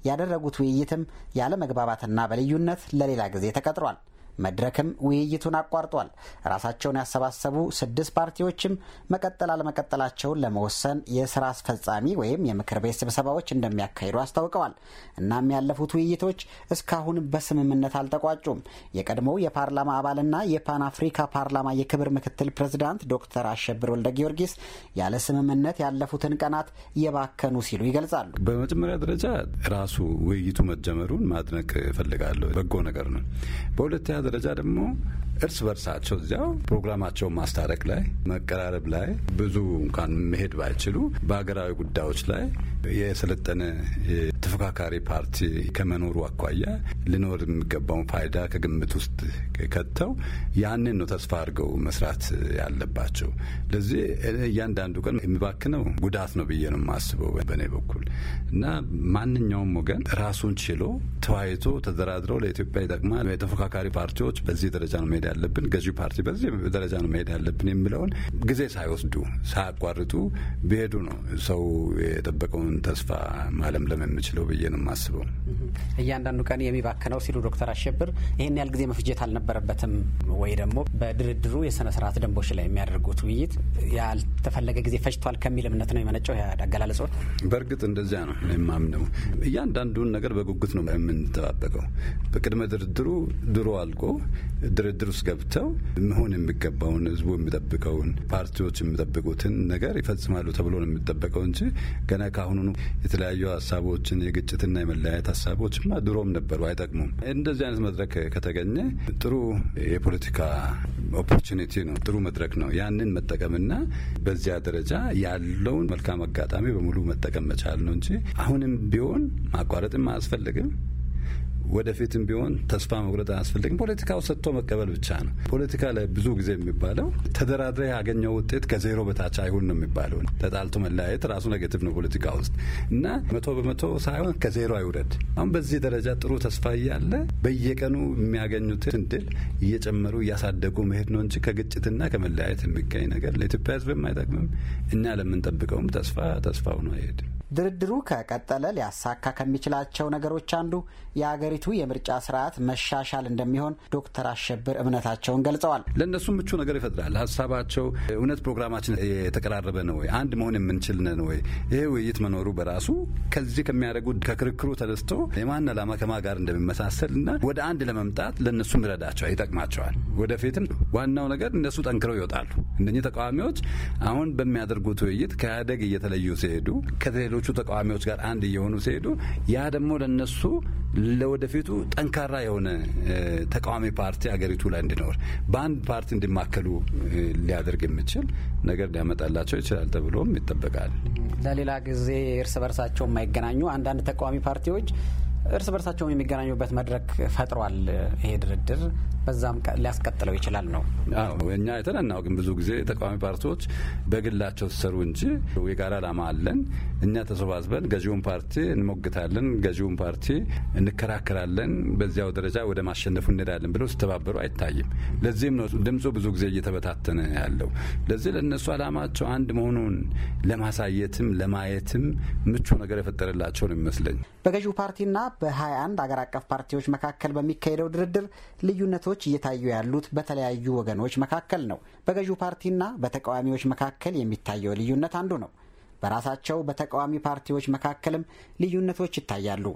ያደረጉት ውይይትም ያለ መግባባትና በልዩነት ለሌላ ጊዜ ተቀጥሯል። መድረክም ውይይቱን አቋርጧል። ራሳቸውን ያሰባሰቡ ስድስት ፓርቲዎችም መቀጠል አለመቀጠላቸውን ለመወሰን የስራ አስፈጻሚ ወይም የምክር ቤት ስብሰባዎች እንደሚያካሂዱ አስታውቀዋል። እናም ያለፉት ውይይቶች እስካሁን በስምምነት አልተቋጩም። የቀድሞው የፓርላማ አባልና የፓን አፍሪካ ፓርላማ የክብር ምክትል ፕሬዝዳንት ዶክተር አሸብር ወልደ ጊዮርጊስ ያለ ስምምነት ያለፉትን ቀናት የባከኑ ሲሉ ይገልጻሉ። በመጀመሪያ ደረጃ ራሱ ውይይቱ መጀመሩን ማድነቅ እፈልጋለሁ። በጎ ነገር ነው። በሁለተኛ ደረጃ ደግሞ እርስ በርሳቸው እዚያው ፕሮግራማቸውን ማስታረቅ ላይ መቀራረብ ላይ ብዙ እንኳን መሄድ ባይችሉ በሀገራዊ ጉዳዮች ላይ የሰለጠነ ተፎካካሪ ፓርቲ ከመኖሩ አኳያ ሊኖር የሚገባውን ፋይዳ ከግምት ውስጥ ከተው ያንን ነው ተስፋ አድርገው መስራት ያለባቸው። ለዚህ እያንዳንዱ ቀን የሚባክነው ጉዳት ነው ብዬ ነው የማስበው በእኔ በኩል እና ማንኛውም ወገን ራሱን ችሎ ተወያይቶ ተደራድረው ለኢትዮጵያ ይጠቅማል የተፎካካሪ ፓርቲዎች በዚህ ደረጃ ነው መሄድ ያለብን፣ ገዢው ፓርቲ በዚህ ደረጃ ነው መሄድ ያለብን የሚለውን ጊዜ ሳይወስዱ ሳያቋርጡ ቢሄዱ ነው ሰው የጠበቀውን ተስፋ ማለምለም የምችለው ብዬ ነው የማስበው። እያንዳንዱ ቀን የሚባክነው ሲሉ ዶክተር አሸብር ይህን ያህል ጊዜ መፍጀት አልነበረበትም ወይ ደግሞ በድርድሩ የስነ ስርዓት ደንቦች ላይ የሚያደርጉት ውይይት ያልተፈለገ ጊዜ ፈጅቷል ከሚል እምነት ነው የመነጨው አገላለጽዎት? በእርግጥ እንደዚያ ነው የማምነው። እያንዳንዱን ነገር በጉጉት ነው የምንጠባበቀው። በቅድመ ድርድሩ ድሮ አልቆ ድርድር ውስጥ ገብተው መሆን የሚገባውን ህዝቡ የሚጠብቀውን ፓርቲዎች የሚጠብቁትን ነገር ይፈጽማሉ ተብሎ ነው የሚጠበቀው እንጂ ገና ከአሁኑኑ የተለያዩ ሀሳቦችን የግጭትና የመለያየት ሀሳቦችማ ድሮም ነበሩ፣ አይጠቅሙም። እንደዚህ አይነት መድረክ ከተገኘ ጥሩ የፖለቲካ ኦፖርቹኒቲ ነው፣ ጥሩ መድረክ ነው። ያንን መጠቀምና በዚያ ደረጃ ያለውን መልካም አጋጣሚ በሙሉ መጠቀም መቻል ነው እንጂ አሁንም ቢሆን ማቋረጥም አያስፈልግም። ወደፊትም ቢሆን ተስፋ መቁረጥ አያስፈልግም። ፖለቲካው ሰጥቶ መቀበል ብቻ ነው። ፖለቲካ ላይ ብዙ ጊዜ የሚባለው ተደራድረ ያገኘው ውጤት ከዜሮ በታች አይሁን ነው የሚባለው። ተጣልቶ መለያየት ራሱ ኔጌቲቭ ነው ፖለቲካ ውስጥ እና መቶ በመቶ ሳይሆን ከዜሮ አይውረድ። አሁን በዚህ ደረጃ ጥሩ ተስፋ እያለ በየቀኑ የሚያገኙትን ድል እየጨመሩ እያሳደጉ መሄድ ነው እንጂ ከግጭትና ከመለያየት የሚገኝ ነገር ለኢትዮጵያ ሕዝብም አይጠቅምም። እኛ ለምንጠብቀውም ተስፋ ተስፋው ነው አይሄድም። ድርድሩ ከቀጠለ ሊያሳካ ከሚችላቸው ነገሮች አንዱ የአገሪቱ የምርጫ ስርዓት መሻሻል እንደሚሆን ዶክተር አሸብር እምነታቸውን ገልጸዋል። ለእነሱም ምቹ ነገር ይፈጥራል ሀሳባቸው። እውነት ፕሮግራማችን የተቀራረበ ነው ወይ? አንድ መሆን የምንችል ነን ወይ? ይሄ ውይይት መኖሩ በራሱ ከዚህ ከሚያደርጉ ከክርክሩ ተነስቶ የማን ዓላማ ከማ ጋር እንደሚመሳሰል እና ወደ አንድ ለመምጣት ለእነሱም ይረዳቸዋል፣ ይጠቅማቸዋል። ወደፊትም ዋናው ነገር እነሱ ጠንክረው ይወጣሉ። እነኚህ ተቃዋሚዎች አሁን በሚያደርጉት ውይይት ከኢህአዴግ እየተለዩ ሲሄዱ ከሌሎ ከሌሎቹ ተቃዋሚዎች ጋር አንድ እየሆኑ ሲሄዱ ያ ደግሞ ለነሱ ለወደፊቱ ጠንካራ የሆነ ተቃዋሚ ፓርቲ አገሪቱ ላይ እንዲኖር በአንድ ፓርቲ እንዲማከሉ ሊያደርግ የሚችል ነገር ሊያመጣላቸው ይችላል ተብሎም ይጠበቃል። ለሌላ ጊዜ እርስ በርሳቸው የማይገናኙ አንዳንድ ተቃዋሚ ፓርቲዎች እርስ በርሳቸው የሚገናኙበት መድረክ ፈጥሯል። ይሄ ድርድር በዛም ሊያስቀጥለው ይችላል ነው። እኛ አይተን ግን ብዙ ጊዜ ተቃዋሚ ፓርቲዎች በግላቸው ሲሰሩ እንጂ የጋራ ዓላማ አለን እኛ ተሰባስበን ገዢውን ፓርቲ እንሞግታለን፣ ገዢውን ፓርቲ እንከራከራለን፣ በዚያው ደረጃ ወደ ማሸነፉ እንሄዳለን ብለው ሲተባበሩ አይታይም። ለዚህም ነው ድምፁ ብዙ ጊዜ እየተበታተነ ያለው። ለዚህ ለእነሱ አላማቸው አንድ መሆኑን ለማሳየትም ለማየትም ምቹ ነገር የፈጠረላቸው ነው ይመስለኝ። በገዢው ፓርቲና በ21 አገር አቀፍ ፓርቲዎች መካከል በሚካሄደው ድርድር ልዩነቶች እየታዩ ያሉት በተለያዩ ወገኖች መካከል ነው። በገዢው ፓርቲና በተቃዋሚዎች መካከል የሚታየው ልዩነት አንዱ ነው። በራሳቸው በተቃዋሚ ፓርቲዎች መካከልም ልዩነቶች ይታያሉ።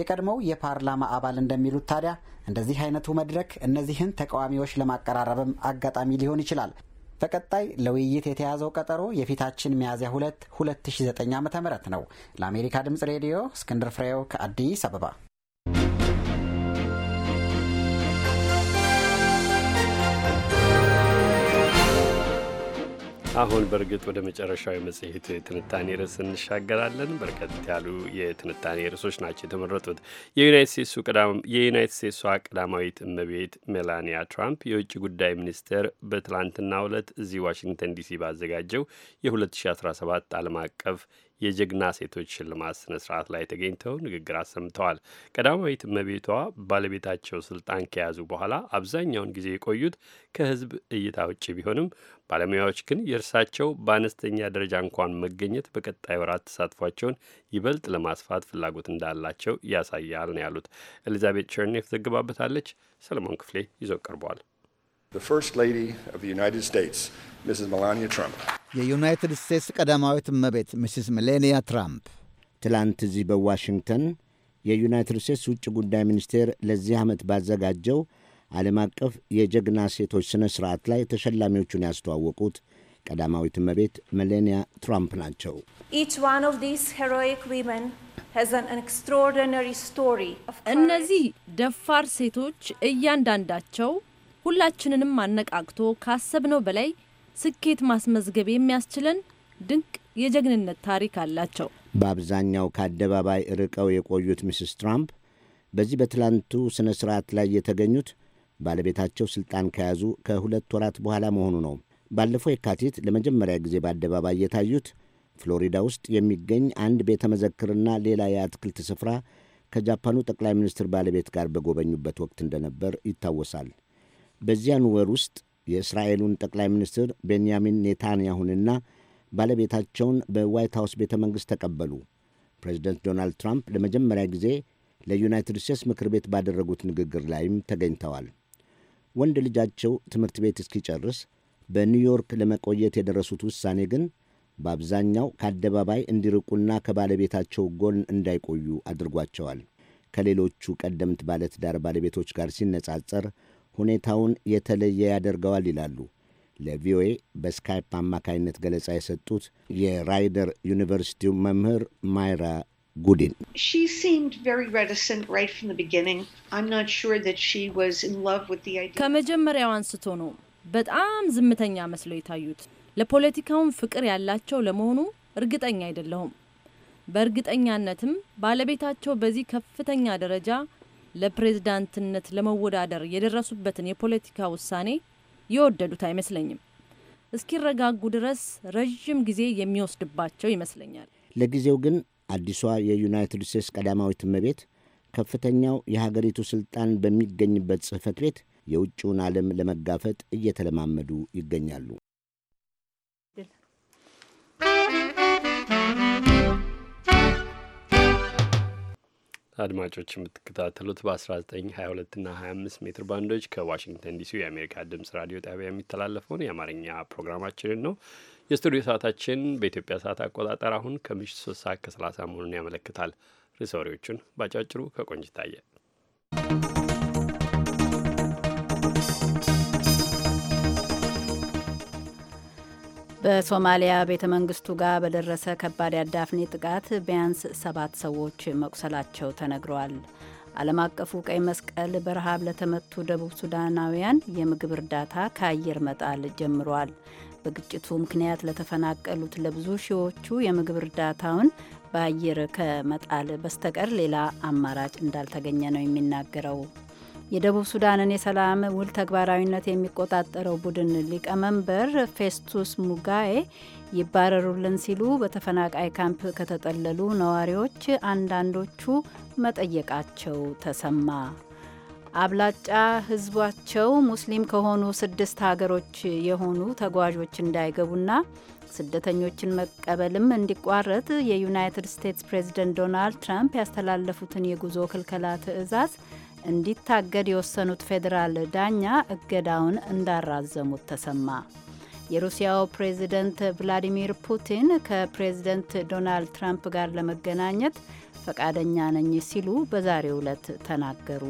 የቀድሞው የፓርላማ አባል እንደሚሉት ታዲያ እንደዚህ አይነቱ መድረክ እነዚህን ተቃዋሚዎች ለማቀራረብም አጋጣሚ ሊሆን ይችላል። በቀጣይ ለውይይት የተያዘው ቀጠሮ የፊታችን ሚያዝያ 2 2009 ዓ ም ነው። ለአሜሪካ ድምፅ ሬዲዮ እስክንድር ፍሬው ከአዲስ አበባ አሁን በእርግጥ ወደ መጨረሻዊ መጽሔት ትንታኔ ርዕስ እንሻገራለን። በርከት ያሉ የትንታኔ ርዕሶች ናቸው የተመረጡት። የዩናይት ስቴትሷ ቀዳማዊት እመቤት ሜላኒያ ትራምፕ የውጭ ጉዳይ ሚኒስቴር በትላንትናው ዕለት እዚህ ዋሽንግተን ዲሲ ባዘጋጀው የ2017 ዓለም አቀፍ የጀግና ሴቶች ሽልማት ስነ ስርዓት ላይ ተገኝተው ንግግር አሰምተዋል። ቀዳማዊት እመቤቷ ባለቤታቸው ስልጣን ከያዙ በኋላ አብዛኛውን ጊዜ የቆዩት ከህዝብ እይታ ውጭ ቢሆንም ባለሙያዎች ግን የእርሳቸው በአነስተኛ ደረጃ እንኳን መገኘት በቀጣይ ወራት ተሳትፏቸውን ይበልጥ ለማስፋት ፍላጎት እንዳላቸው ያሳያል ነው ያሉት። ኤሊዛቤት ቸርኔፍ ዘግባበታለች። ሰለሞን ክፍሌ ይዞ ቀርቧል። the First Lady of the United States, Mrs. Melania Trump. የዩናይትድ ስቴትስ ቀዳማዊት እመቤት ሚስስ ሜሌኒያ ትራምፕ ትላንት እዚህ በዋሽንግተን የዩናይትድ ስቴትስ ውጭ ጉዳይ ሚኒስቴር ለዚህ ዓመት ባዘጋጀው ዓለም አቀፍ የጀግና ሴቶች ሥነ ሥርዓት ላይ ተሸላሚዎቹን ያስተዋወቁት ቀዳማዊት እመቤት ሜሌኒያ ትራምፕ ናቸው። እነዚህ ደፋር ሴቶች እያንዳንዳቸው ሁላችንንም አነቃቅቶ ካሰብነው በላይ ስኬት ማስመዝገብ የሚያስችለን ድንቅ የጀግንነት ታሪክ አላቸው። በአብዛኛው ከአደባባይ ርቀው የቆዩት ሚስስ ትራምፕ በዚህ በትላንቱ ሥነ ሥርዓት ላይ የተገኙት ባለቤታቸው ሥልጣን ከያዙ ከሁለት ወራት በኋላ መሆኑ ነው። ባለፈው የካቲት ለመጀመሪያ ጊዜ በአደባባይ የታዩት ፍሎሪዳ ውስጥ የሚገኝ አንድ ቤተ መዘክርና ሌላ የአትክልት ስፍራ ከጃፓኑ ጠቅላይ ሚኒስትር ባለቤት ጋር በጎበኙበት ወቅት እንደነበር ይታወሳል። በዚያን ወር ውስጥ የእስራኤሉን ጠቅላይ ሚኒስትር ቤንያሚን ኔታንያሁንና ባለቤታቸውን በዋይት ሃውስ ቤተ መንግሥት ተቀበሉ። ፕሬዚደንት ዶናልድ ትራምፕ ለመጀመሪያ ጊዜ ለዩናይትድ ስቴትስ ምክር ቤት ባደረጉት ንግግር ላይም ተገኝተዋል። ወንድ ልጃቸው ትምህርት ቤት እስኪጨርስ በኒውዮርክ ለመቆየት የደረሱት ውሳኔ ግን በአብዛኛው ከአደባባይ እንዲርቁና ከባለቤታቸው ጎን እንዳይቆዩ አድርጓቸዋል። ከሌሎቹ ቀደምት ባለትዳር ባለቤቶች ጋር ሲነጻጸር ሁኔታውን የተለየ ያደርገዋል ይላሉ ለቪኦኤ በስካይፕ አማካይነት ገለጻ የሰጡት የራይደር ዩኒቨርሲቲው መምህር ማይራ ጉዲን። ከመጀመሪያው አንስቶ ነው በጣም ዝምተኛ መስለው የታዩት። ለፖለቲካውን ፍቅር ያላቸው ለመሆኑ እርግጠኛ አይደለሁም። በእርግጠኛነትም ባለቤታቸው በዚህ ከፍተኛ ደረጃ ለፕሬዝዳንትነት ለመወዳደር የደረሱበትን የፖለቲካ ውሳኔ የወደዱት አይመስለኝም። እስኪረጋጉ ድረስ ረዥም ጊዜ የሚወስድባቸው ይመስለኛል። ለጊዜው ግን አዲሷ የዩናይትድ ስቴትስ ቀዳማዊት እመቤት ከፍተኛው የሀገሪቱ ስልጣን በሚገኝበት ጽሕፈት ቤት የውጭውን ዓለም ለመጋፈጥ እየተለማመዱ ይገኛሉ። አድማጮች የምትከታተሉት በ1922 እና 25 ሜትር ባንዶች ከዋሽንግተን ዲሲ የአሜሪካ ድምጽ ራዲዮ ጣቢያ የሚተላለፈውን የአማርኛ ፕሮግራማችንን ነው። የስቱዲዮ ሰዓታችን በኢትዮጵያ ሰዓት አቆጣጠር አሁን ከምሽት 3 ሰዓት ከ30 መሆኑን ያመለክታል። ርዕሰ ወሬዎቹን ከቆንጅ ከቆንጅታየ በሶማሊያ ቤተ መንግስቱ ጋር በደረሰ ከባድ አዳፍኔ ጥቃት ቢያንስ ሰባት ሰዎች መቁሰላቸው ተነግረዋል። ዓለም አቀፉ ቀይ መስቀል በረሃብ ለተመቱ ደቡብ ሱዳናውያን የምግብ እርዳታ ከአየር መጣል ጀምሯል። በግጭቱ ምክንያት ለተፈናቀሉት ለብዙ ሺዎቹ የምግብ እርዳታውን በአየር ከመጣል በስተቀር ሌላ አማራጭ እንዳልተገኘ ነው የሚናገረው። የደቡብ ሱዳንን የሰላም ውል ተግባራዊነት የሚቆጣጠረው ቡድን ሊቀመንበር ፌስቱስ ሙጋኤ ይባረሩልን ሲሉ በተፈናቃይ ካምፕ ከተጠለሉ ነዋሪዎች አንዳንዶቹ መጠየቃቸው ተሰማ። አብላጫ ሕዝባቸው ሙስሊም ከሆኑ ስድስት ሀገሮች የሆኑ ተጓዦች እንዳይገቡና ስደተኞችን መቀበልም እንዲቋረጥ የዩናይትድ ስቴትስ ፕሬዝደንት ዶናልድ ትራምፕ ያስተላለፉትን የጉዞ ክልከላ ትዕዛዝ እንዲታገድ የወሰኑት ፌዴራል ዳኛ እገዳውን እንዳራዘሙት ተሰማ። የሩሲያው ፕሬዝደንት ቭላዲሚር ፑቲን ከፕሬዝደንት ዶናልድ ትራምፕ ጋር ለመገናኘት ፈቃደኛ ነኝ ሲሉ በዛሬው ዕለት ተናገሩ።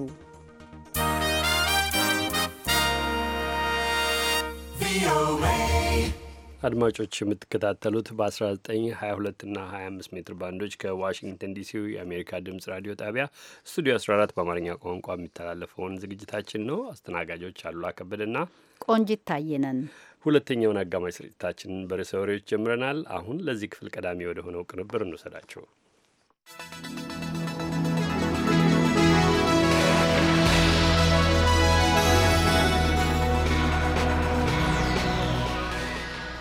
ቪኦኤ አድማጮች የምትከታተሉት በ1922 እና 25 ሜትር ባንዶች ከዋሽንግተን ዲሲው የአሜሪካ ድምፅ ራዲዮ ጣቢያ ስቱዲዮ 14 በአማርኛ ቋንቋ የሚተላለፈውን ዝግጅታችን ነው። አስተናጋጆች አሉላ ከበደና ቆንጂት ታየ ሁለተኛውን አጋማሽ ስርጭታችንን በርዕሰ ወሬዎች ጀምረናል። አሁን ለዚህ ክፍል ቀዳሚ ወደ ሆነው ቅንብር እንውሰዳቸው።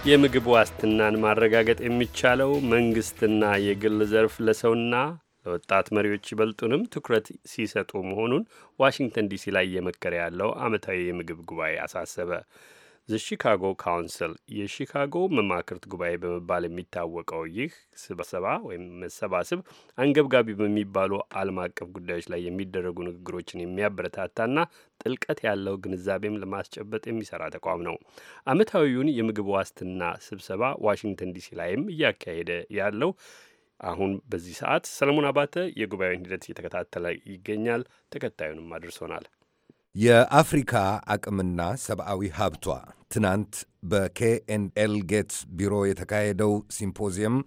የምግብ ዋስትናን ማረጋገጥ የሚቻለው መንግስትና የግል ዘርፍ ለሰውና ለወጣት መሪዎች ይበልጡንም ትኩረት ሲሰጡ መሆኑን ዋሽንግተን ዲሲ ላይ እየመከረ ያለው አመታዊ የምግብ ጉባኤ አሳሰበ። ዘሺካጎ ካውንስል የሺካጎ መማክርት ጉባኤ በመባል የሚታወቀው ይህ ስብሰባ ወይም መሰባስብ አንገብጋቢ በሚባሉ ዓለም አቀፍ ጉዳዮች ላይ የሚደረጉ ንግግሮችን የሚያበረታታና ጥልቀት ያለው ግንዛቤም ለማስጨበጥ የሚሰራ ተቋም ነው። ዓመታዊውን የምግብ ዋስትና ስብሰባ ዋሽንግተን ዲሲ ላይም እያካሄደ ያለው አሁን በዚህ ሰዓት ሰለሞን አባተ የጉባኤውን ሂደት እየተከታተለ ይገኛል። ተከታዩንም አድርሶናል። የአፍሪካ አቅምና ሰብአዊ ሀብቷ ትናንት በኬኤንኤል ጌትስ ቢሮ የተካሄደው ሲምፖዚየም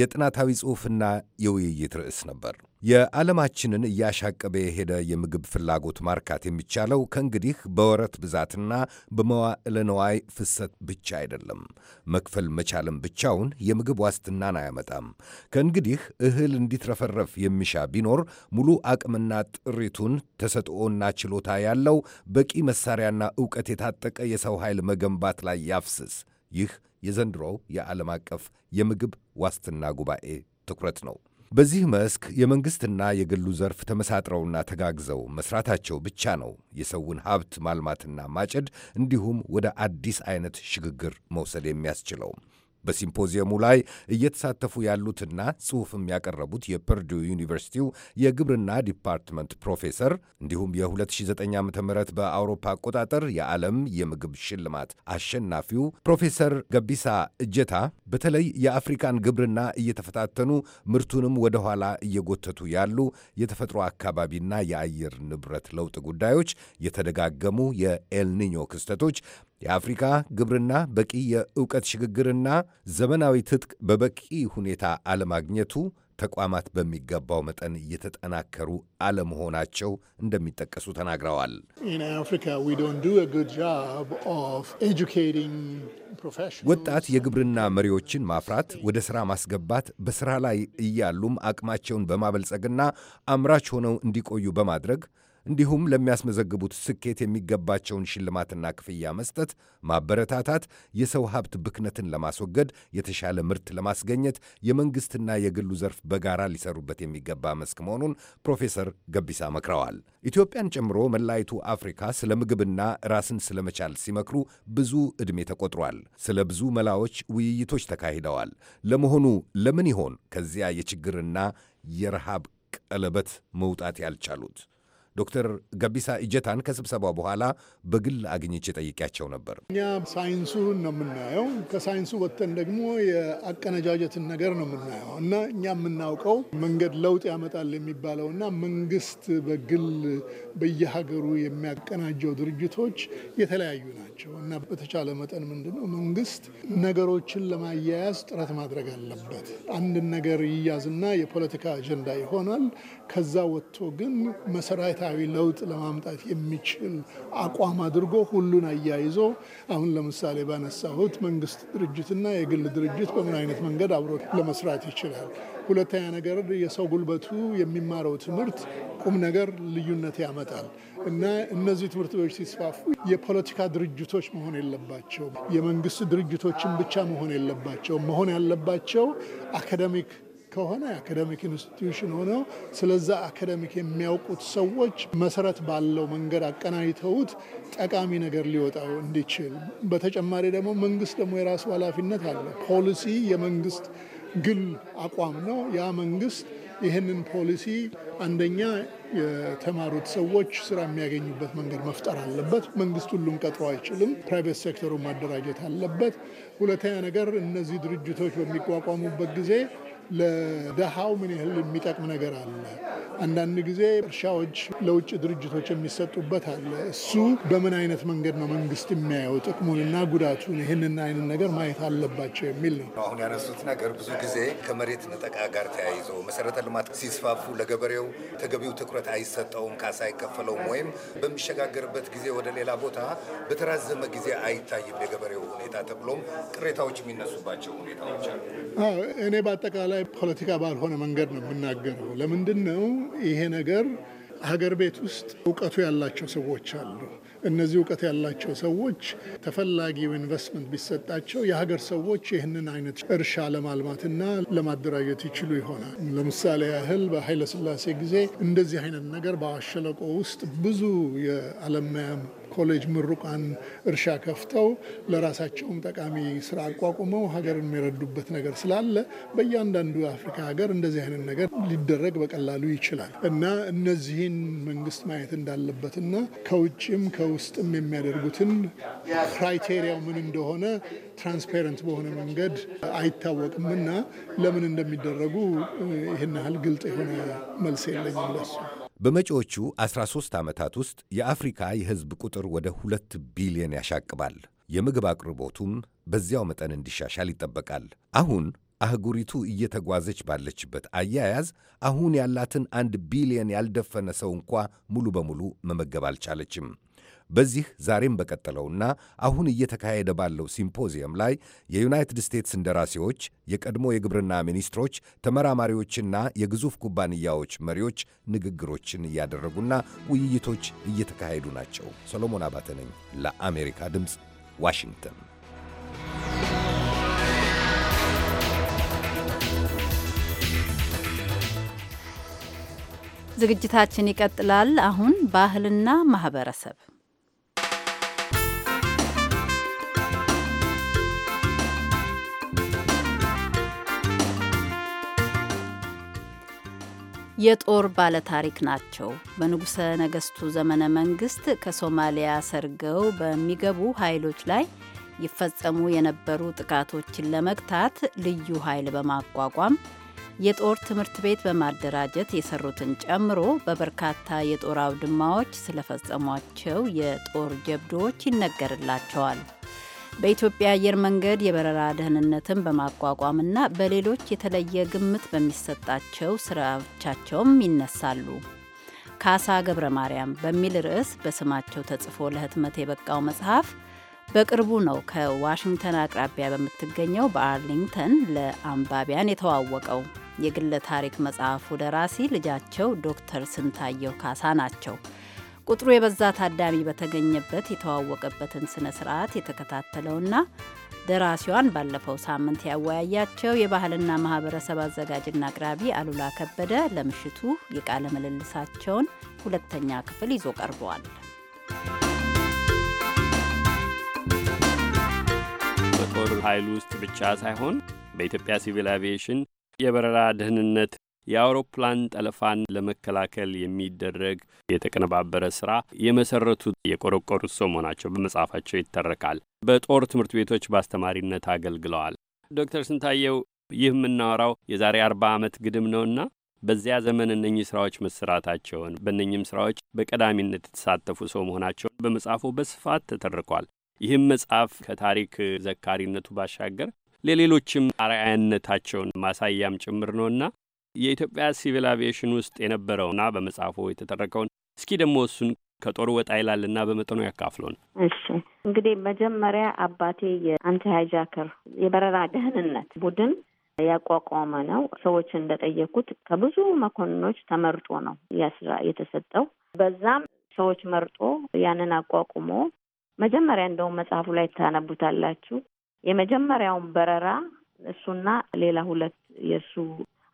የጥናታዊ ጽሑፍና የውይይት ርዕስ ነበር። የዓለማችንን እያሻቀበ የሄደ የምግብ ፍላጎት ማርካት የሚቻለው ከእንግዲህ በወረት ብዛትና በመዋዕለ ነዋይ ፍሰት ብቻ አይደለም። መክፈል መቻልም ብቻውን የምግብ ዋስትናን አያመጣም። ከእንግዲህ እህል እንዲትረፈረፍ የሚሻ ቢኖር ሙሉ አቅምና ጥሪቱን ተሰጥኦና ችሎታ ያለው በቂ መሳሪያና ዕውቀት የታጠቀ የሰው ኃይል መገንባት ላይ ያፍስስ። ይህ የዘንድሮው የዓለም አቀፍ የምግብ ዋስትና ጉባኤ ትኩረት ነው። በዚህ መስክ የመንግሥትና የግሉ ዘርፍ ተመሳጥረውና ተጋግዘው መስራታቸው ብቻ ነው የሰውን ሀብት ማልማትና ማጨድ እንዲሁም ወደ አዲስ አይነት ሽግግር መውሰድ የሚያስችለው። በሲምፖዚየሙ ላይ እየተሳተፉ ያሉትና ጽሑፍም ያቀረቡት የፐርዱ ዩኒቨርሲቲው የግብርና ዲፓርትመንት ፕሮፌሰር እንዲሁም የ2009 ዓ ም በአውሮፓ አቆጣጠር የዓለም የምግብ ሽልማት አሸናፊው ፕሮፌሰር ገቢሳ እጀታ በተለይ የአፍሪካን ግብርና እየተፈታተኑ ምርቱንም ወደኋላ እየጎተቱ ያሉ የተፈጥሮ አካባቢና የአየር ንብረት ለውጥ ጉዳዮች፣ የተደጋገሙ የኤልኒኞ ክስተቶች የአፍሪካ ግብርና በቂ የእውቀት ሽግግርና ዘመናዊ ትጥቅ በበቂ ሁኔታ አለማግኘቱ ተቋማት በሚገባው መጠን እየተጠናከሩ አለመሆናቸው እንደሚጠቀሱ ተናግረዋል። ወጣት የግብርና መሪዎችን ማፍራት፣ ወደ ሥራ ማስገባት፣ በሥራ ላይ እያሉም አቅማቸውን በማበልጸግና አምራች ሆነው እንዲቆዩ በማድረግ እንዲሁም ለሚያስመዘግቡት ስኬት የሚገባቸውን ሽልማትና ክፍያ መስጠት፣ ማበረታታት፣ የሰው ሀብት ብክነትን ለማስወገድ፣ የተሻለ ምርት ለማስገኘት የመንግስትና የግሉ ዘርፍ በጋራ ሊሰሩበት የሚገባ መስክ መሆኑን ፕሮፌሰር ገቢሳ መክረዋል። ኢትዮጵያን ጨምሮ መላይቱ አፍሪካ ስለ ምግብና ራስን ስለመቻል ሲመክሩ ብዙ ዕድሜ ተቆጥሯል። ስለ ብዙ መላዎች ውይይቶች ተካሂደዋል። ለመሆኑ ለምን ይሆን ከዚያ የችግርና የረሃብ ቀለበት መውጣት ያልቻሉት? ዶክተር ገቢሳ እጀታን ከስብሰባ በኋላ በግል አግኝቼ ጠይቄያቸው ነበር። እኛ ሳይንሱን ነው የምናየው። ከሳይንሱ ወጥተን ደግሞ የአቀነጃጀትን ነገር ነው የምናየው እና እኛ የምናውቀው መንገድ ለውጥ ያመጣል የሚባለው እና መንግስት በግል በየሀገሩ የሚያቀናጀው ድርጅቶች የተለያዩ ናቸው እና በተቻለ መጠን ምንድነው መንግስት ነገሮችን ለማያያዝ ጥረት ማድረግ አለበት። አንድን ነገር ይያዝና የፖለቲካ አጀንዳ ይሆናል። ከዛ ወጥቶ ግን መሰረታዊ ለውጥ ለማምጣት የሚችል አቋም አድርጎ ሁሉን አያይዞ አሁን ለምሳሌ ባነሳሁት መንግስት ድርጅትና የግል ድርጅት በምን አይነት መንገድ አብሮ ለመስራት ይችላል። ሁለተኛ ነገር የሰው ጉልበቱ የሚማረው ትምህርት ቁም ነገር ልዩነት ያመጣል እና እነዚህ ትምህርት ቤቶች ሲስፋፉ የፖለቲካ ድርጅቶች መሆን የለባቸው፣ የመንግስት ድርጅቶችን ብቻ መሆን የለባቸውም። መሆን ያለባቸው አካደሚክ ከሆነ አካደሚክ ኢንስቲትዩሽን ሆነው ስለዛ አካደሚክ የሚያውቁት ሰዎች መሰረት ባለው መንገድ አቀናጅተውት ጠቃሚ ነገር ሊወጣው እንዲችል፣ በተጨማሪ ደግሞ መንግስት ደግሞ የራሱ ኃላፊነት አለ። ፖሊሲ የመንግስት ግል አቋም ነው። ያ መንግስት ይህንን ፖሊሲ አንደኛ የተማሩት ሰዎች ስራ የሚያገኙበት መንገድ መፍጠር አለበት። መንግስት ሁሉም ቀጥሮ አይችልም። ፕራይቬት ሴክተሩን ማደራጀት አለበት። ሁለተኛ ነገር እነዚህ ድርጅቶች በሚቋቋሙበት ጊዜ ለደሃው ምን ያህል የሚጠቅም ነገር አለ። አንዳንድ ጊዜ እርሻዎች ለውጭ ድርጅቶች የሚሰጡበት አለ። እሱ በምን አይነት መንገድ ነው መንግስት የሚያየው ጥቅሙንና ጉዳቱን ይህንን አይነት ነገር ማየት አለባቸው የሚል ነው። አሁን ያነሱት ነገር ብዙ ጊዜ ከመሬት ነጠቃ ጋር ተያይዞ መሰረተ ልማት ሲስፋፉ ለገበሬው ተገቢው ትኩረት አይሰጠውም፣ ካሳ አይከፈለውም፣ ወይም በሚሸጋገርበት ጊዜ ወደ ሌላ ቦታ በተራዘመ ጊዜ አይታይም የገበሬው ሁኔታ ተብሎም ቅሬታዎች የሚነሱባቸው ሁኔታዎች አሉ። እኔ በአጠቃላይ ላይ ፖለቲካ ባልሆነ መንገድ ነው የምናገረው። ለምንድን ነው ይሄ ነገር ሀገር ቤት ውስጥ እውቀቱ ያላቸው ሰዎች አሉ። እነዚህ እውቀት ያላቸው ሰዎች ተፈላጊው ኢንቨስትመንት ቢሰጣቸው የሀገር ሰዎች ይህንን አይነት እርሻ ለማልማትና ለማደራጀት ይችሉ ይሆናል። ለምሳሌ ያህል በኃይለስላሴ ጊዜ እንደዚህ አይነት ነገር በአሸለቆ ውስጥ ብዙ የአለማያም ኮሌጅ ምሩቃን እርሻ ከፍተው ለራሳቸውም ጠቃሚ ስራ አቋቁመው ሀገርን የሚረዱበት ነገር ስላለ በእያንዳንዱ የአፍሪካ ሀገር እንደዚህ አይነት ነገር ሊደረግ በቀላሉ ይችላል እና እነዚህን መንግስት ማየት እንዳለበትና ከውጭም ከውስጥም የሚያደርጉትን ክራይቴሪያው ምን እንደሆነ ትራንስፓረንት በሆነ መንገድ አይታወቅም ለምን እንደሚደረጉ ይህን ያህል ግልጽ የሆነ መልስ የለኝም ለሱ። በመጪዎቹ 13 ዓመታት ውስጥ የአፍሪካ የሕዝብ ቁጥር ወደ ሁለት ቢሊዮን ያሻቅባል። የምግብ አቅርቦቱም በዚያው መጠን እንዲሻሻል ይጠበቃል። አሁን አህጉሪቱ እየተጓዘች ባለችበት አያያዝ አሁን ያላትን አንድ ቢሊየን ያልደፈነ ሰው እንኳ ሙሉ በሙሉ መመገብ አልቻለችም። በዚህ ዛሬም በቀጠለውና አሁን እየተካሄደ ባለው ሲምፖዚየም ላይ የዩናይትድ ስቴትስ እንደራሴዎች፣ የቀድሞ የግብርና ሚኒስትሮች፣ ተመራማሪዎችና የግዙፍ ኩባንያዎች መሪዎች ንግግሮችን እያደረጉና ውይይቶች እየተካሄዱ ናቸው። ሰሎሞን አባተ ነኝ ለአሜሪካ ድምፅ ዋሽንግተን። ዝግጅታችን ይቀጥላል። አሁን ባህልና ማህበረሰብ የጦር ባለታሪክ ናቸው። በንጉሠ ነገሥቱ ዘመነ መንግስት ከሶማሊያ ሰርገው በሚገቡ ኃይሎች ላይ ይፈጸሙ የነበሩ ጥቃቶችን ለመግታት ልዩ ኃይል በማቋቋም የጦር ትምህርት ቤት በማደራጀት የሰሩትን ጨምሮ በበርካታ የጦር አውድማዎች ስለፈጸሟቸው የጦር ጀብዶዎች ይነገርላቸዋል። በኢትዮጵያ አየር መንገድ የበረራ ደህንነትን በማቋቋምና በሌሎች የተለየ ግምት በሚሰጣቸው ስራዎቻቸውም ይነሳሉ። ካሳ ገብረ ማርያም በሚል ርዕስ በስማቸው ተጽፎ ለህትመት የበቃው መጽሐፍ በቅርቡ ነው ከዋሽንግተን አቅራቢያ በምትገኘው በአርሊንግተን ለአንባቢያን የተዋወቀው። የግለ ታሪክ መጽሐፉ ደራሲ ልጃቸው ዶክተር ስንታየው ካሳ ናቸው። ቁጥሩ የበዛ ታዳሚ በተገኘበት የተዋወቀበትን ስነ ስርዓት የተከታተለውና ደራሲዋን ባለፈው ሳምንት ያወያያቸው የባህልና ማህበረሰብ አዘጋጅና አቅራቢ አሉላ ከበደ ለምሽቱ የቃለ ምልልሳቸውን ሁለተኛ ክፍል ይዞ ቀርበዋል። በጦር ኃይል ውስጥ ብቻ ሳይሆን በኢትዮጵያ ሲቪል አቪዬሽን የበረራ ደህንነት የአውሮፕላን ጠለፋን ለመከላከል የሚደረግ የተቀነባበረ ስራ የመሰረቱት የቆረቆሩት ሰው መሆናቸው በመጽሐፋቸው ይተረካል። በጦር ትምህርት ቤቶች በአስተማሪነት አገልግለዋል። ዶክተር ስንታየው ይህ የምናወራው የዛሬ አርባ ዓመት ግድም ነውና በዚያ ዘመን እነኚህ ስራዎች መሰራታቸውን በእነኝም ስራዎች በቀዳሚነት የተሳተፉ ሰው መሆናቸውን በመጽሐፉ በስፋት ተተርኳል። ይህም መጽሐፍ ከታሪክ ዘካሪነቱ ባሻገር ለሌሎችም አርአያነታቸውን ማሳያም ጭምር ነውና የኢትዮጵያ ሲቪል አቪዬሽን ውስጥ የነበረውና በመጽሐፎ የተጠረቀውን እስኪ ደግሞ እሱን ከጦር ወጣ ይላልና በመጠኑ ያካፍሉን። እሺ እንግዲህ መጀመሪያ አባቴ የአንቲ ሃይጃከር የበረራ ደህንነት ቡድን ያቋቋመ ነው። ሰዎች እንደጠየኩት ከብዙ መኮንኖች ተመርጦ ነው ያስራ የተሰጠው። በዛም ሰዎች መርጦ ያንን አቋቁሞ መጀመሪያ እንደውም መጽሐፉ ላይ ታነቡታላችሁ። የመጀመሪያውን በረራ እሱና ሌላ ሁለት የእሱ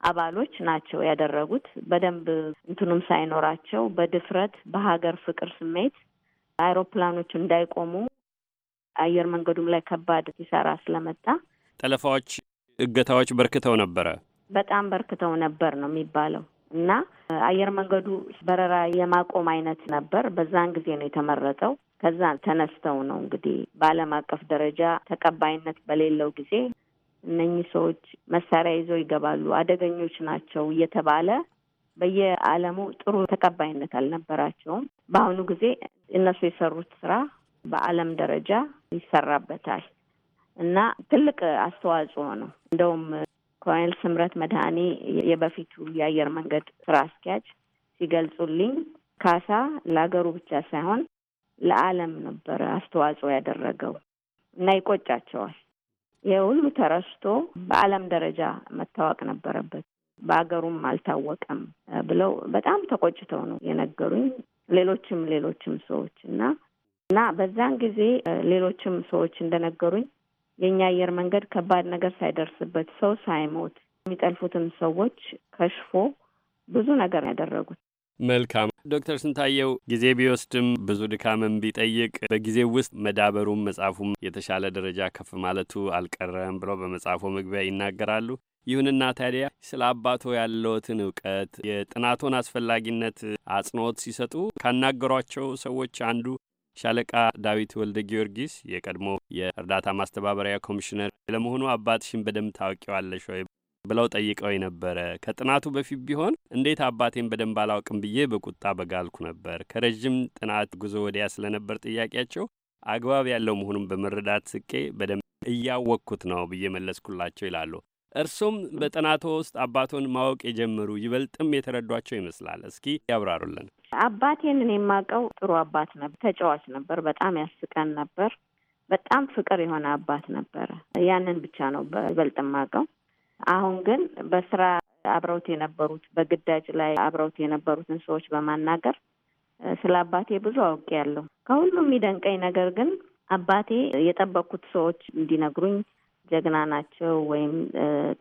አባሎች ናቸው ያደረጉት። በደንብ እንትኑም ሳይኖራቸው በድፍረት በሀገር ፍቅር ስሜት አይሮፕላኖቹ እንዳይቆሙ አየር መንገዱም ላይ ከባድ ሲሰራ ስለመጣ ጠለፋዎች፣ እገታዎች በርክተው ነበረ። በጣም በርክተው ነበር ነው የሚባለው እና አየር መንገዱ በረራ የማቆም አይነት ነበር። በዛን ጊዜ ነው የተመረጠው። ከዛ ተነስተው ነው እንግዲህ በዓለም አቀፍ ደረጃ ተቀባይነት በሌለው ጊዜ እነኚህ ሰዎች መሳሪያ ይዘው ይገባሉ፣ አደገኞች ናቸው እየተባለ በየዓለሙ ጥሩ ተቀባይነት አልነበራቸውም። በአሁኑ ጊዜ እነሱ የሰሩት ስራ በዓለም ደረጃ ይሰራበታል እና ትልቅ አስተዋጽኦ ነው። እንደውም ኮሎኔል ስምረት መድኃኔ የበፊቱ የአየር መንገድ ስራ አስኪያጅ ሲገልጹልኝ ካሳ ለሀገሩ ብቻ ሳይሆን ለዓለም ነበረ አስተዋጽኦ ያደረገው እና ይቆጫቸዋል። ይህ ሁሉ ተረስቶ በዓለም ደረጃ መታወቅ ነበረበት፣ በሀገሩም አልታወቀም ብለው በጣም ተቆጭተው ነው የነገሩኝ። ሌሎችም ሌሎችም ሰዎች እና እና በዛን ጊዜ ሌሎችም ሰዎች እንደነገሩኝ የእኛ አየር መንገድ ከባድ ነገር ሳይደርስበት ሰው ሳይሞት የሚጠልፉትን ሰዎች ከሽፎ ብዙ ነገር ያደረጉት መልካም ዶክተር ስንታየው ጊዜ ቢወስድም ብዙ ድካምን ቢጠይቅ በጊዜ ውስጥ መዳበሩም መጽሐፉም የተሻለ ደረጃ ከፍ ማለቱ አልቀረም ብለው በመጽሐፎ መግቢያ ይናገራሉ። ይሁንና ታዲያ ስለ አባቶ ያለዎትን እውቀት የጥናቶን አስፈላጊነት አጽንኦት ሲሰጡ ካናገሯቸው ሰዎች አንዱ ሻለቃ ዳዊት ወልደ ጊዮርጊስ የቀድሞ የእርዳታ ማስተባበሪያ ኮሚሽነር፣ ለመሆኑ አባትሽን በደንብ ታውቂዋለሽ ወይ ብለው ጠይቀው ነበረ። ከጥናቱ በፊት ቢሆን እንዴት አባቴን በደንብ አላውቅም ብዬ በቁጣ በጋልኩ ነበር። ከረዥም ጥናት ጉዞ ወዲያ ስለነበር ጥያቄያቸው አግባብ ያለው መሆኑን በመረዳት ስቄ በደንብ እያወቅኩት ነው ብዬ መለስኩላቸው ይላሉ። እርሱም በጥናቶ ውስጥ አባቶን ማወቅ የጀመሩ ይበልጥም የተረዷቸው ይመስላል። እስኪ ያብራሩልን። አባቴን እኔ የማውቀው ጥሩ አባት ነበር። ተጫዋች ነበር። በጣም ያስቀን ነበር። በጣም ፍቅር የሆነ አባት ነበር ያንን ብቻ ነው በይበልጥ የማውቀው። አሁን ግን በስራ አብረውት የነበሩት በግዳጅ ላይ አብረውት የነበሩትን ሰዎች በማናገር ስለ አባቴ ብዙ ያለው ከሁሉም የሚደንቀኝ ነገር ግን አባቴ የጠበቅኩት ሰዎች እንዲነግሩኝ ጀግና ናቸው ወይም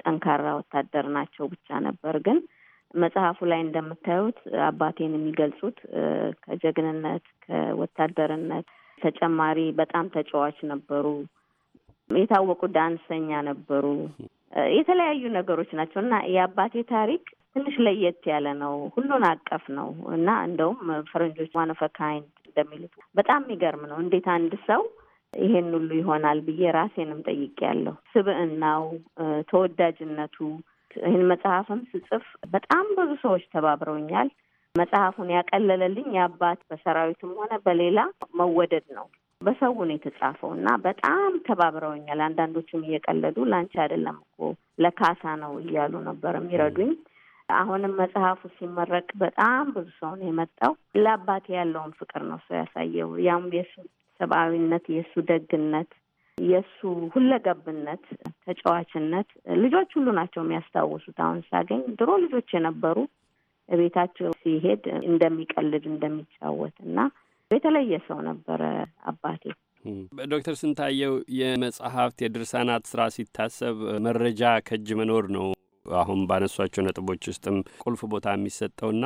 ጠንካራ ወታደር ናቸው ብቻ ነበር። ግን መጽሐፉ ላይ እንደምታዩት አባቴን የሚገልጹት ከጀግንነት ከወታደርነት ተጨማሪ በጣም ተጫዋች ነበሩ። የታወቁ ዳንሰኛ ነበሩ። የተለያዩ ነገሮች ናቸው እና የአባቴ ታሪክ ትንሽ ለየት ያለ ነው። ሁሉን አቀፍ ነው እና እንደውም ፈረንጆች ዋን ኦፍ ካይንድ እንደሚሉት በጣም የሚገርም ነው። እንዴት አንድ ሰው ይሄን ሁሉ ይሆናል ብዬ ራሴንም ጠይቄያለሁ። ስብዕናው፣ ተወዳጅነቱ ይህን መጽሐፍም ስጽፍ በጣም ብዙ ሰዎች ተባብረውኛል። መጽሐፉን ያቀለለልኝ የአባት በሰራዊትም ሆነ በሌላ መወደድ ነው። በሰው ነው የተጻፈው እና በጣም ተባብረውኛል። አንዳንዶቹም እየቀለዱ ላንቺ አይደለም እኮ ለካሳ ነው እያሉ ነበር የሚረዱኝ። አሁንም መጽሐፉ ሲመረቅ በጣም ብዙ ሰው ነው የመጣው። ለአባቴ ያለውን ፍቅር ነው ሰው ያሳየው። ያም የእሱ ሰብአዊነት፣ የእሱ ደግነት፣ የእሱ ሁለገብነት፣ ተጫዋችነት ልጆች ሁሉ ናቸው የሚያስታውሱት። አሁን ሳገኝ ድሮ ልጆች የነበሩ ቤታቸው ሲሄድ እንደሚቀልድ እንደሚጫወት እና የተለየ ሰው ነበረ አባቴ። ዶክተር ስንታየው የመጽሐፍት የድርሳናት ስራ ሲታሰብ መረጃ ከእጅ መኖር ነው አሁን ባነሷቸው ነጥቦች ውስጥም ቁልፍ ቦታ የሚሰጠውና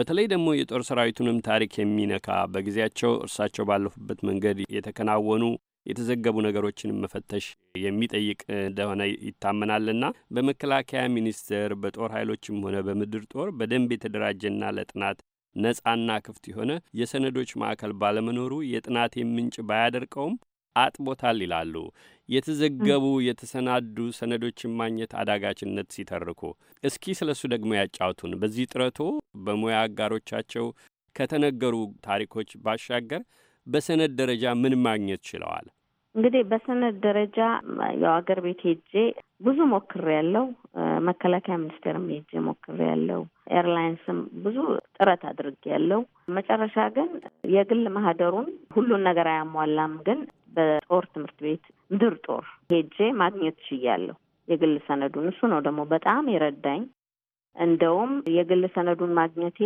በተለይ ደግሞ የጦር ሰራዊቱንም ታሪክ የሚነካ በጊዜያቸው እርሳቸው ባለፉበት መንገድ የተከናወኑ የተዘገቡ ነገሮችን መፈተሽ የሚጠይቅ እንደሆነ ይታመናልና በመከላከያ ሚኒስቴር በጦር ኃይሎችም ሆነ በምድር ጦር በደንብ የተደራጀና ለጥናት ነጻና ክፍት የሆነ የሰነዶች ማዕከል ባለመኖሩ የጥናት ምንጭ ባያደርቀውም አጥቦታል ይላሉ። የተዘገቡ የተሰናዱ ሰነዶችን ማግኘት አዳጋችነት ሲተርኩ፣ እስኪ ስለ እሱ ደግሞ ያጫውቱን። በዚህ ጥረቶ በሙያ አጋሮቻቸው ከተነገሩ ታሪኮች ባሻገር በሰነድ ደረጃ ምን ማግኘት ችለዋል? እንግዲህ በሰነድ ደረጃ ያው አገር ቤት ሄጄ ብዙ ሞክር ያለው መከላከያ ሚኒስቴርም ሄጄ ሞክር ያለው ኤርላይንስም ብዙ ጥረት አድርጌ ያለው መጨረሻ ግን የግል ማህደሩን ሁሉን ነገር አያሟላም፣ ግን በጦር ትምህርት ቤት ምድር ጦር ሄጄ ማግኘት ችያለሁ የግል ሰነዱን። እሱ ነው ደግሞ በጣም የረዳኝ። እንደውም የግል ሰነዱን ማግኘቴ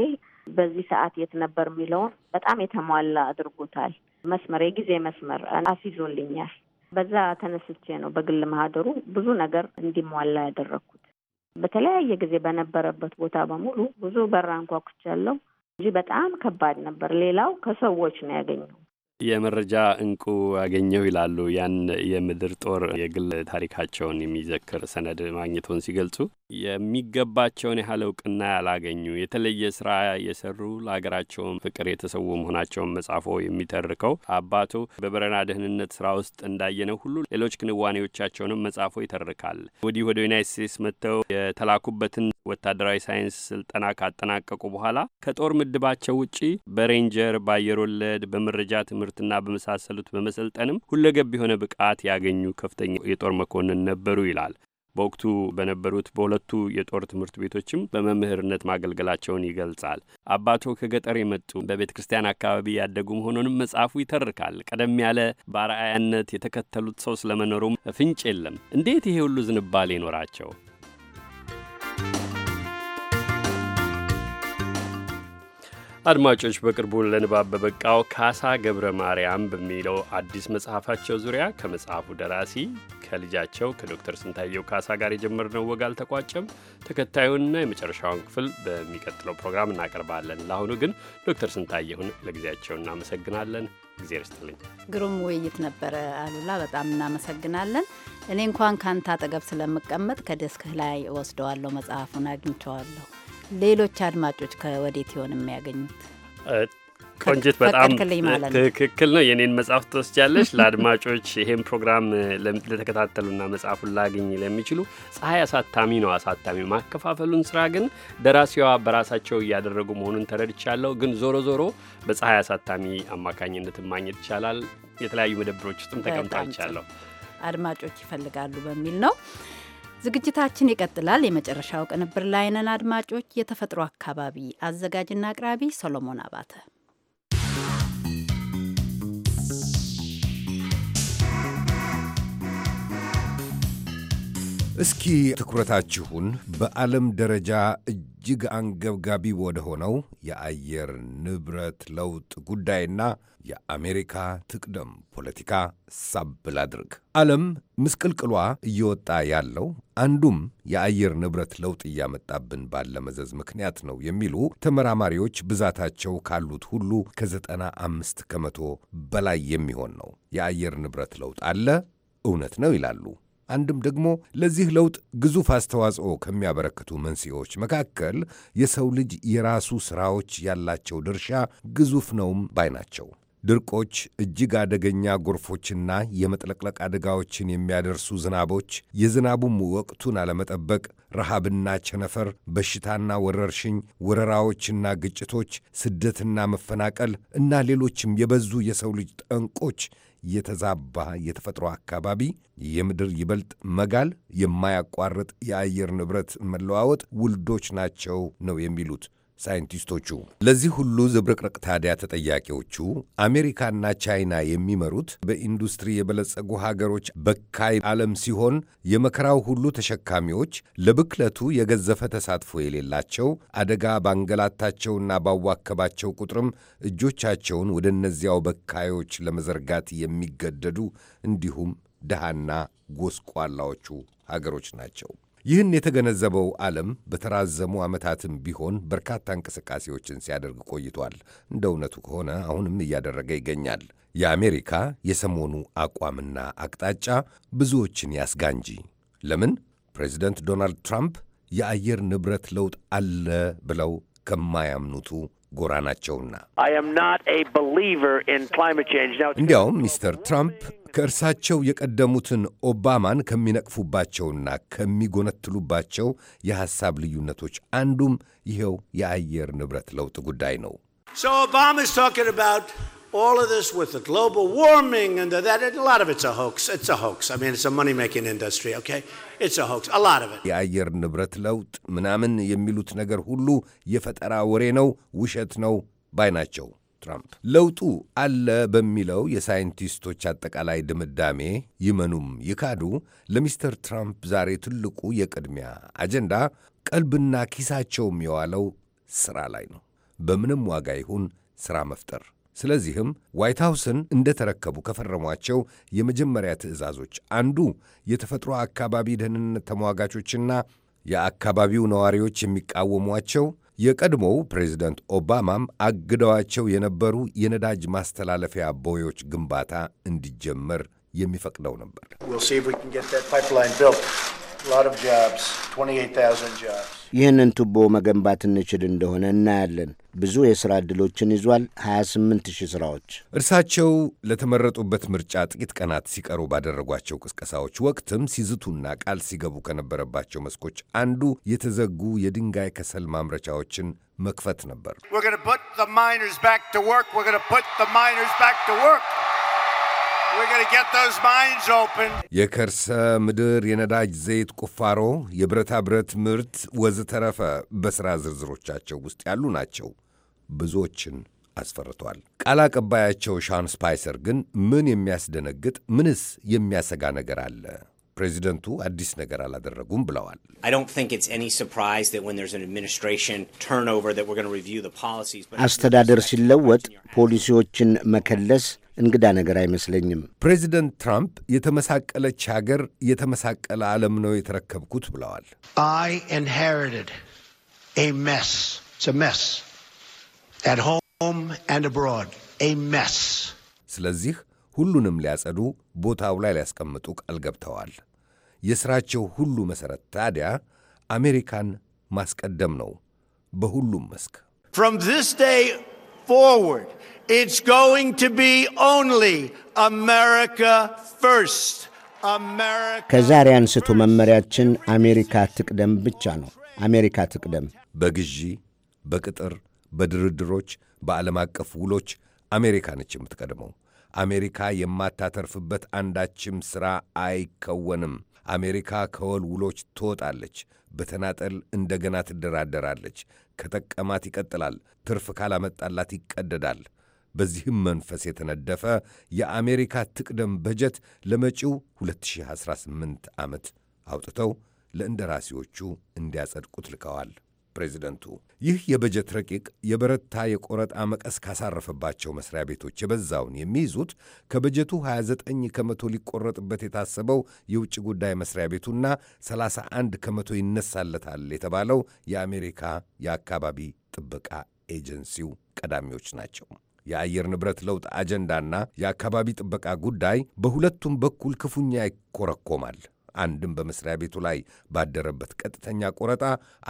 በዚህ ሰዓት የት ነበር የሚለውን በጣም የተሟላ አድርጎታል። መስመር የጊዜ መስመር አስይዞልኛል። በዛ ተነስቼ ነው በግል ማህደሩ ብዙ ነገር እንዲሟላ ያደረግኩት። በተለያየ ጊዜ በነበረበት ቦታ በሙሉ ብዙ በር አንኳኩቻለሁ እንጂ በጣም ከባድ ነበር። ሌላው ከሰዎች ነው ያገኘው የመረጃ እንቁ ያገኘው ይላሉ ያን የምድር ጦር የግል ታሪካቸውን የሚዘክር ሰነድ ማግኘቶን ሲገልጹ የሚገባቸውን ያህል እውቅና ያላገኙ የተለየ ስራ የሰሩ ለሀገራቸውን ፍቅር የተሰዉ መሆናቸውን መጻፎ የሚተርከው አባቱ በበረና ደህንነት ስራ ውስጥ እንዳየነው ሁሉ ሌሎች ክንዋኔዎቻቸውንም መጻፎ ይተርካል። ወዲህ ወደ ዩናይት ስቴትስ መጥተው የተላኩበትን ወታደራዊ ሳይንስ ስልጠና ካጠናቀቁ በኋላ ከጦር ምድባቸው ውጪ በሬንጀር በአየር ወለድ በመረጃ ትምህርትና በመሳሰሉት በመሰልጠንም ሁለገብ የሆነ ብቃት ያገኙ ከፍተኛ የጦር መኮንን ነበሩ ይላል። በወቅቱ በነበሩት በሁለቱ የጦር ትምህርት ቤቶችም በመምህርነት ማገልገላቸውን ይገልጻል። አባቶ ከገጠር የመጡ በቤተ ክርስቲያን አካባቢ ያደጉ መሆኑንም መጽሐፉ ይተርካል። ቀደም ያለ በአርአያነት የተከተሉት ሰው ስለመኖሩም ፍንጭ የለም። እንዴት ይሄ ሁሉ ዝንባሌ ይኖራቸው? አድማጮች በቅርቡ ለንባብ በበቃው ካሳ ገብረ ማርያም በሚለው አዲስ መጽሐፋቸው ዙሪያ ከመጽሐፉ ደራሲ ከልጃቸው ከዶክተር ስንታየው ካሳ ጋር የጀመርነው ወግ አልተቋጨም። ተከታዩንና የመጨረሻውን ክፍል በሚቀጥለው ፕሮግራም እናቀርባለን። ለአሁኑ ግን ዶክተር ስንታየሁን ለጊዜያቸው እናመሰግናለን። ጊዜ ርስትልኝ ግሩም ውይይት ነበረ አሉላ፣ በጣም እናመሰግናለን። እኔ እንኳን ከአንተ አጠገብ ስለምቀመጥ ከደስክህ ላይ ወስደዋለሁ፣ መጽሐፉን አግኝቸዋለሁ። ሌሎች አድማጮች ከወዴት ይሆን የሚያገኙት? ቆንጅት በጣም ትክክል ነው። የኔን መጽሐፍ ትወስጃለሽ። ለአድማጮች ይሄን ፕሮግራም ለተከታተሉና መጽሐፉን ላገኝ ለሚችሉ ፀሐይ አሳታሚ ነው አሳታሚ ማከፋፈሉን ስራ ግን ደራሲዋ በራሳቸው እያደረጉ መሆኑን ተረድቻለሁ። ግን ዞሮ ዞሮ በፀሐይ አሳታሚ አማካኝነት ማግኘት ይቻላል። የተለያዩ መደብሮች ውስጥም ተቀምጣ ይቻለሁ አድማጮች ይፈልጋሉ በሚል ነው። ዝግጅታችን ይቀጥላል። የመጨረሻው ቅንብር ላይ ነን አድማጮች። የተፈጥሮ አካባቢ አዘጋጅና አቅራቢ ሶሎሞን አባተ እስኪ ትኩረታችሁን በዓለም ደረጃ እጅግ አንገብጋቢ ወደ ሆነው የአየር ንብረት ለውጥ ጉዳይና የአሜሪካ ትቅደም ፖለቲካ ሳብ ላድርግ። ዓለም ምስቅልቅሏ እየወጣ ያለው አንዱም የአየር ንብረት ለውጥ እያመጣብን ባለ መዘዝ ምክንያት ነው የሚሉ ተመራማሪዎች ብዛታቸው ካሉት ሁሉ ከዘጠና አምስት ከመቶ በላይ የሚሆን ነው። የአየር ንብረት ለውጥ አለ እውነት ነው ይላሉ። አንድም ደግሞ ለዚህ ለውጥ ግዙፍ አስተዋጽኦ ከሚያበረክቱ መንስኤዎች መካከል የሰው ልጅ የራሱ ሥራዎች ያላቸው ድርሻ ግዙፍ ነውም ባይ ናቸው። ድርቆች፣ እጅግ አደገኛ ጎርፎችና የመጥለቅለቅ አደጋዎችን የሚያደርሱ ዝናቦች፣ የዝናቡም ወቅቱን አለመጠበቅ፣ ረሃብና ቸነፈር፣ በሽታና ወረርሽኝ፣ ወረራዎችና ግጭቶች፣ ስደትና መፈናቀል እና ሌሎችም የበዙ የሰው ልጅ ጠንቆች የተዛባ የተፈጥሮ አካባቢ፣ የምድር ይበልጥ መጋል፣ የማያቋርጥ የአየር ንብረት መለዋወጥ ውልዶች ናቸው ነው የሚሉት ሳይንቲስቶቹ። ለዚህ ሁሉ ዝብርቅርቅ ታዲያ ተጠያቂዎቹ አሜሪካና ቻይና የሚመሩት በኢንዱስትሪ የበለጸጉ ሀገሮች በካይ ዓለም ሲሆን የመከራው ሁሉ ተሸካሚዎች ለብክለቱ የገዘፈ ተሳትፎ የሌላቸው አደጋ ባንገላታቸውና ባዋከባቸው ቁጥርም እጆቻቸውን ወደ እነዚያው በካዮች ለመዘርጋት የሚገደዱ እንዲሁም ድሃና ጎስቋላዎቹ ሀገሮች ናቸው። ይህን የተገነዘበው ዓለም በተራዘሙ ዓመታትም ቢሆን በርካታ እንቅስቃሴዎችን ሲያደርግ ቆይቷል። እንደ እውነቱ ከሆነ አሁንም እያደረገ ይገኛል። የአሜሪካ የሰሞኑ አቋምና አቅጣጫ ብዙዎችን ያስጋ እንጂ ለምን ፕሬዚደንት ዶናልድ ትራምፕ የአየር ንብረት ለውጥ አለ ብለው ከማያምኑቱ ጎራ ናቸውና። እንዲያውም ሚስተር ትራምፕ ከእርሳቸው የቀደሙትን ኦባማን ከሚነቅፉባቸውና ከሚጎነትሉባቸው የሐሳብ ልዩነቶች አንዱም ይኸው የአየር ንብረት ለውጥ ጉዳይ ነው። የአየር ንብረት ለውጥ ምናምን የሚሉት ነገር ሁሉ የፈጠራ ወሬ ነው፣ ውሸት ነው ባይ ናቸው። ትራምፕ ለውጡ አለ በሚለው የሳይንቲስቶች አጠቃላይ ድምዳሜ ይመኑም ይካዱ፣ ለሚስተር ትራምፕ ዛሬ ትልቁ የቅድሚያ አጀንዳ ቀልብና ኪሳቸውም የዋለው ሥራ ላይ ነው። በምንም ዋጋ ይሁን ሥራ መፍጠር። ስለዚህም ዋይት ሃውስን እንደተረከቡ ከፈረሟቸው የመጀመሪያ ትዕዛዞች አንዱ የተፈጥሮ አካባቢ ደህንነት ተሟጋቾችና የአካባቢው ነዋሪዎች የሚቃወሟቸው የቀድሞው ፕሬዚደንት ኦባማም አግደዋቸው የነበሩ የነዳጅ ማስተላለፊያ ቦዮች ግንባታ እንዲጀመር የሚፈቅደው ነበር። ይህንን ቱቦ መገንባት እንችል እንደሆነ እናያለን። ብዙ የሥራ ዕድሎችን ይዟል። 28 ሺህ ሥራዎች። እርሳቸው ለተመረጡበት ምርጫ ጥቂት ቀናት ሲቀሩ ባደረጓቸው ቅስቀሳዎች ወቅትም ሲዝቱና ቃል ሲገቡ ከነበረባቸው መስኮች አንዱ የተዘጉ የድንጋይ ከሰል ማምረቻዎችን መክፈት ነበር። የከርሰ ምድር የነዳጅ ዘይት ቁፋሮ፣ የብረታ ብረት ምርት ወዘተረፈ በሥራ ዝርዝሮቻቸው ውስጥ ያሉ ናቸው። ብዙዎችን አስፈርቷል። ቃል አቀባያቸው ሻን ስፓይሰር ግን ምን የሚያስደነግጥ ምንስ የሚያሰጋ ነገር አለ? ፕሬዚደንቱ አዲስ ነገር አላደረጉም ብለዋል። አስተዳደር ሲለወጥ ፖሊሲዎችን መከለስ እንግዳ ነገር አይመስለኝም። ፕሬዚደንት ትራምፕ የተመሳቀለች ሀገር፣ የተመሳቀለ ዓለም ነው የተረከብኩት ብለዋል። ስለዚህ ሁሉንም ሊያጸዱ ቦታው ላይ ሊያስቀምጡ ቃል ገብተዋል። የሥራቸው ሁሉ መሠረት ታዲያ አሜሪካን ማስቀደም ነው። በሁሉም መስክ ከዛሬ አንስቶ መመሪያችን አሜሪካ ትቅደም ብቻ ነው። አሜሪካ ትቅደም በግዢ በቅጥር በድርድሮች በዓለም አቀፍ ውሎች አሜሪካ ነች የምትቀድመው። አሜሪካ የማታተርፍበት አንዳችም ሥራ አይከወንም። አሜሪካ ከወል ውሎች ትወጣለች። በተናጠል እንደገና ትደራደራለች። ከጠቀማት ይቀጥላል፣ ትርፍ ካላመጣላት ይቀደዳል። በዚህም መንፈስ የተነደፈ የአሜሪካ ትቅደም በጀት ለመጪው 2018 ዓመት አውጥተው ለእንደራሴዎቹ እንዲያጸድቁት ልከዋል። ፕሬዚደንቱ። ይህ የበጀት ረቂቅ የበረታ የቆረጣ መቀስ ካሳረፈባቸው መስሪያ ቤቶች የበዛውን የሚይዙት ከበጀቱ 29 ከመቶ ሊቆረጥበት የታሰበው የውጭ ጉዳይ መስሪያ ቤቱና 31 ከመቶ ይነሳለታል የተባለው የአሜሪካ የአካባቢ ጥበቃ ኤጀንሲው ቀዳሚዎች ናቸው። የአየር ንብረት ለውጥ አጀንዳና የአካባቢ ጥበቃ ጉዳይ በሁለቱም በኩል ክፉኛ ይኮረኮማል። አንድም በመስሪያ ቤቱ ላይ ባደረበት ቀጥተኛ ቆረጣ፣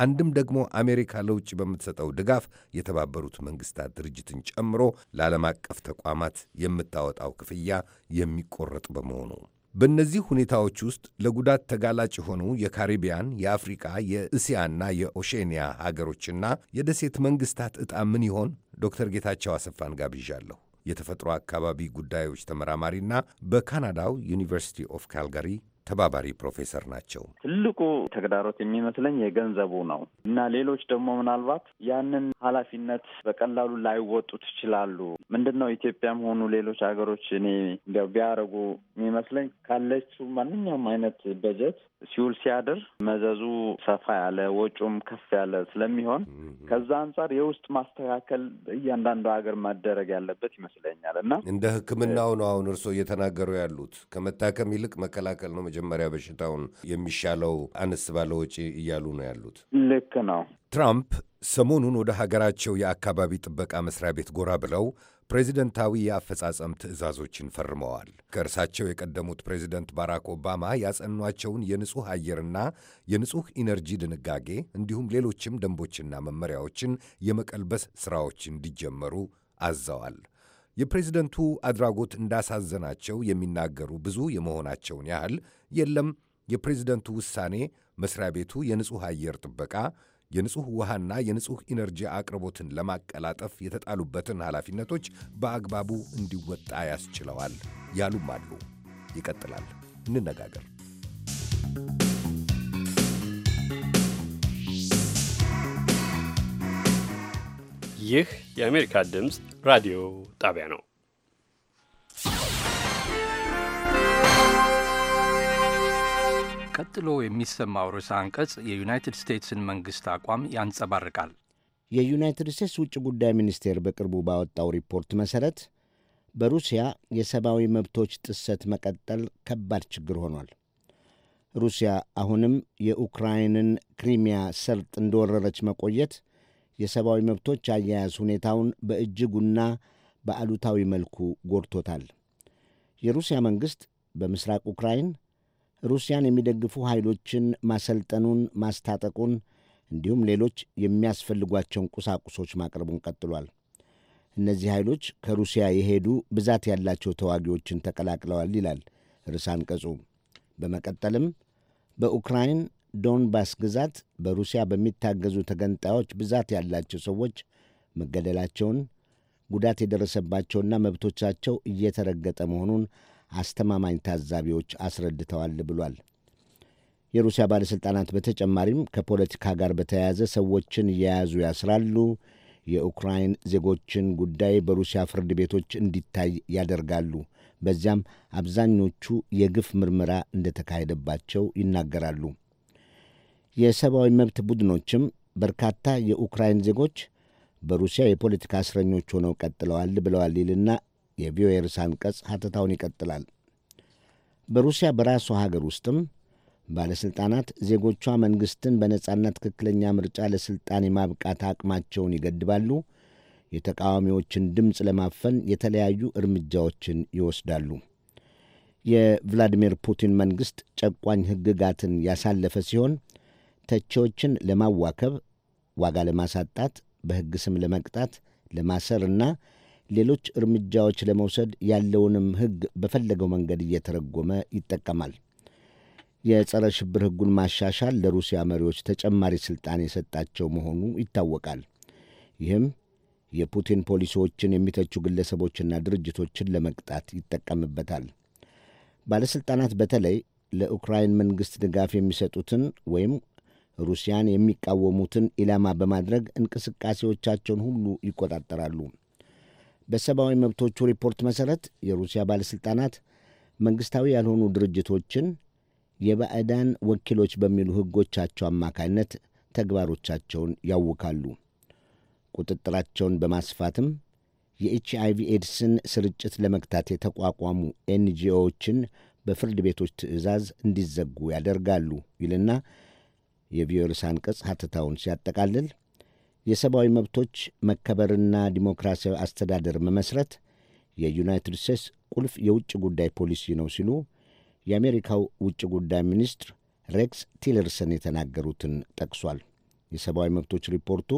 አንድም ደግሞ አሜሪካ ለውጭ በምትሰጠው ድጋፍ የተባበሩት መንግስታት ድርጅትን ጨምሮ ለዓለም አቀፍ ተቋማት የምታወጣው ክፍያ የሚቆረጥ በመሆኑ በእነዚህ ሁኔታዎች ውስጥ ለጉዳት ተጋላጭ የሆኑ የካሪቢያን፣ የአፍሪካ፣ የእስያና የኦሼንያ ሀገሮችና የደሴት መንግስታት ዕጣ ምን ይሆን? ዶክተር ጌታቸው አሰፋን ጋብዣለሁ። የተፈጥሮ አካባቢ ጉዳዮች ተመራማሪና በካናዳው ዩኒቨርሲቲ ኦፍ ካልጋሪ ተባባሪ ፕሮፌሰር ናቸው። ትልቁ ተግዳሮት የሚመስለኝ የገንዘቡ ነው እና ሌሎች ደግሞ ምናልባት ያንን ኃላፊነት በቀላሉ ላይወጡ ትችላሉ። ምንድን ነው ኢትዮጵያም ሆኑ ሌሎች ሀገሮች እኔ እንዲያው ቢያደርጉ የሚመስለኝ ካለችው ማንኛውም አይነት በጀት ሲውል ሲያድር መዘዙ ሰፋ ያለ ወጪውም ከፍ ያለ ስለሚሆን ከዛ አንጻር የውስጥ ማስተካከል እያንዳንዱ ሀገር ማደረግ ያለበት ይመስለኛል እና እንደ ሕክምናው ነው አሁን እርስዎ እየተናገሩ ያሉት ከመታከም ይልቅ መከላከል ነው መጀመሪያ በሽታውን የሚሻለው አነስ ባለ ወጪ እያሉ ነው ያሉት። ልክ ነው። ትራምፕ ሰሞኑን ወደ ሀገራቸው የአካባቢ ጥበቃ መስሪያ ቤት ጎራ ብለው ፕሬዚደንታዊ የአፈጻጸም ትዕዛዞችን ፈርመዋል። ከእርሳቸው የቀደሙት ፕሬዚደንት ባራክ ኦባማ ያጸኗቸውን የንጹሕ አየርና የንጹሕ ኢነርጂ ድንጋጌ እንዲሁም ሌሎችም ደንቦችና መመሪያዎችን የመቀልበስ ሥራዎች እንዲጀመሩ አዘዋል። የፕሬዚደንቱ አድራጎት እንዳሳዘናቸው የሚናገሩ ብዙ የመሆናቸውን ያህል የለም፣ የፕሬዝደንቱ ውሳኔ መስሪያ ቤቱ የንጹሕ አየር ጥበቃ፣ የንጹሕ ውሃና የንጹሕ ኢነርጂ አቅርቦትን ለማቀላጠፍ የተጣሉበትን ኃላፊነቶች በአግባቡ እንዲወጣ ያስችለዋል ያሉም አሉ። ይቀጥላል። እንነጋገር። ይህ የአሜሪካ ድምፅ ራዲዮ ጣቢያ ነው። ቀጥሎ የሚሰማው ርዕሰ አንቀጽ የዩናይትድ ስቴትስን መንግሥት አቋም ያንጸባርቃል። የዩናይትድ ስቴትስ ውጭ ጉዳይ ሚኒስቴር በቅርቡ ባወጣው ሪፖርት መሠረት በሩሲያ የሰብአዊ መብቶች ጥሰት መቀጠል ከባድ ችግር ሆኗል። ሩሲያ አሁንም የኡክራይንን ክሪሚያ ሰርጥ እንደወረረች መቆየት የሰብአዊ መብቶች አያያዝ ሁኔታውን በእጅጉና በአሉታዊ መልኩ ጎድቶታል። የሩሲያ መንግሥት በምሥራቅ ኡክራይን ሩሲያን የሚደግፉ ኃይሎችን ማሰልጠኑን፣ ማስታጠቁን እንዲሁም ሌሎች የሚያስፈልጓቸውን ቁሳቁሶች ማቅረቡን ቀጥሏል። እነዚህ ኃይሎች ከሩሲያ የሄዱ ብዛት ያላቸው ተዋጊዎችን ተቀላቅለዋል ይላል ርዕሰ አንቀጹ። በመቀጠልም በኡክራይን ዶንባስ ግዛት በሩሲያ በሚታገዙ ተገንጣዮች ብዛት ያላቸው ሰዎች መገደላቸውን ጉዳት የደረሰባቸውና መብቶቻቸው እየተረገጠ መሆኑን አስተማማኝ ታዛቢዎች አስረድተዋል ብሏል። የሩሲያ ባለሥልጣናት በተጨማሪም ከፖለቲካ ጋር በተያያዘ ሰዎችን እየያዙ ያስራሉ፣ የኡክራይን ዜጎችን ጉዳይ በሩሲያ ፍርድ ቤቶች እንዲታይ ያደርጋሉ። በዚያም አብዛኞቹ የግፍ ምርመራ እንደተካሄደባቸው ይናገራሉ። የሰብአዊ መብት ቡድኖችም በርካታ የኡክራይን ዜጎች በሩሲያ የፖለቲካ እስረኞች ሆነው ቀጥለዋል ብለዋል ይልና የቪኦኤ ርዕሰ አንቀጽ ሐተታውን ይቀጥላል። በሩሲያ በራሷ ሀገር ውስጥም ባለሥልጣናት ዜጎቿ መንግሥትን በነጻና ትክክለኛ ምርጫ ለሥልጣን የማብቃት አቅማቸውን ይገድባሉ፣ የተቃዋሚዎችን ድምፅ ለማፈን የተለያዩ እርምጃዎችን ይወስዳሉ። የቭላዲሚር ፑቲን መንግሥት ጨቋኝ ሕግጋትን ያሳለፈ ሲሆን ተቺዎችን ለማዋከብ፣ ዋጋ ለማሳጣት፣ በሕግ ስም ለመቅጣት፣ ለማሰርና ሌሎች እርምጃዎች ለመውሰድ ያለውንም ሕግ በፈለገው መንገድ እየተረጎመ ይጠቀማል። የጸረ ሽብር ሕጉን ማሻሻል ለሩሲያ መሪዎች ተጨማሪ ሥልጣን የሰጣቸው መሆኑ ይታወቃል። ይህም የፑቲን ፖሊሲዎችን የሚተቹ ግለሰቦችና ድርጅቶችን ለመቅጣት ይጠቀምበታል። ባለሥልጣናት በተለይ ለኡክራይን መንግሥት ድጋፍ የሚሰጡትን ወይም ሩሲያን የሚቃወሙትን ኢላማ በማድረግ እንቅስቃሴዎቻቸውን ሁሉ ይቆጣጠራሉ። በሰብአዊ መብቶቹ ሪፖርት መሠረት የሩሲያ ባለሥልጣናት መንግሥታዊ ያልሆኑ ድርጅቶችን የባዕዳን ወኪሎች በሚሉ ሕጎቻቸው አማካይነት ተግባሮቻቸውን ያውካሉ። ቁጥጥራቸውን በማስፋትም የኤች አይቪ ኤድስን ስርጭት ለመግታት የተቋቋሙ ኤንጂኦዎችን በፍርድ ቤቶች ትዕዛዝ እንዲዘጉ ያደርጋሉ ይልና የቪዮልስ አንቀጽ ሀተታውን ሲያጠቃልል የሰብአዊ መብቶች መከበርና ዲሞክራሲያዊ አስተዳደር መመስረት የዩናይትድ ስቴትስ ቁልፍ የውጭ ጉዳይ ፖሊሲ ነው ሲሉ የአሜሪካው ውጭ ጉዳይ ሚኒስትር ሬክስ ቲለርሰን የተናገሩትን ጠቅሷል። የሰብአዊ መብቶች ሪፖርቱ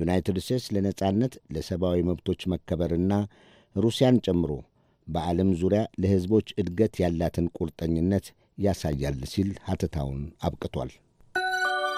ዩናይትድ ስቴትስ ለነጻነት፣ ለሰብአዊ መብቶች መከበርና ሩሲያን ጨምሮ በዓለም ዙሪያ ለሕዝቦች እድገት ያላትን ቁርጠኝነት ያሳያል ሲል ሀተታውን አብቅቷል።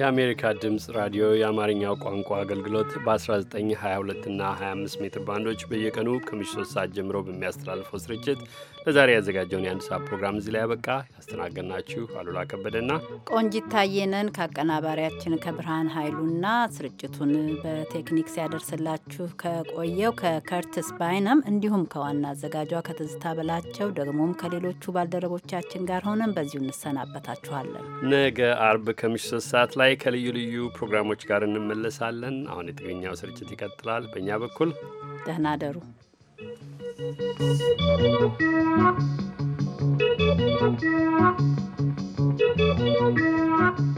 የአሜሪካ ድምፅ ራዲዮ የአማርኛው ቋንቋ አገልግሎት በ1922 እና 25 ሜትር ባንዶች በየቀኑ ከምሽቱ 3 ሰዓት ጀምሮ በሚያስተላልፈው ስርጭት ለዛሬ ያዘጋጀውን የአንድ ሰዓት ፕሮግራም እዚህ ላይ ያበቃ። ያስተናገድናችሁ አሉላ ከበደና ቆንጂት ታየነን ከአቀናባሪያችን ከብርሃን ኃይሉና ስርጭቱን በቴክኒክ ሲያደርስላችሁ ከቆየው ከከርትስ ባይነም እንዲሁም ከዋና አዘጋጇ ከትዝታ በላቸው ደግሞም ከሌሎቹ ባልደረቦቻችን ጋር ሆነን በዚሁ እንሰናበታችኋለን። ነገ አርብ ከምሽቱ 3 ሰዓት ላይ ቀጣይ ከልዩ ልዩ ፕሮግራሞች ጋር እንመለሳለን። አሁን የትግርኛው ስርጭት ይቀጥላል። በእኛ በኩል ደህና you.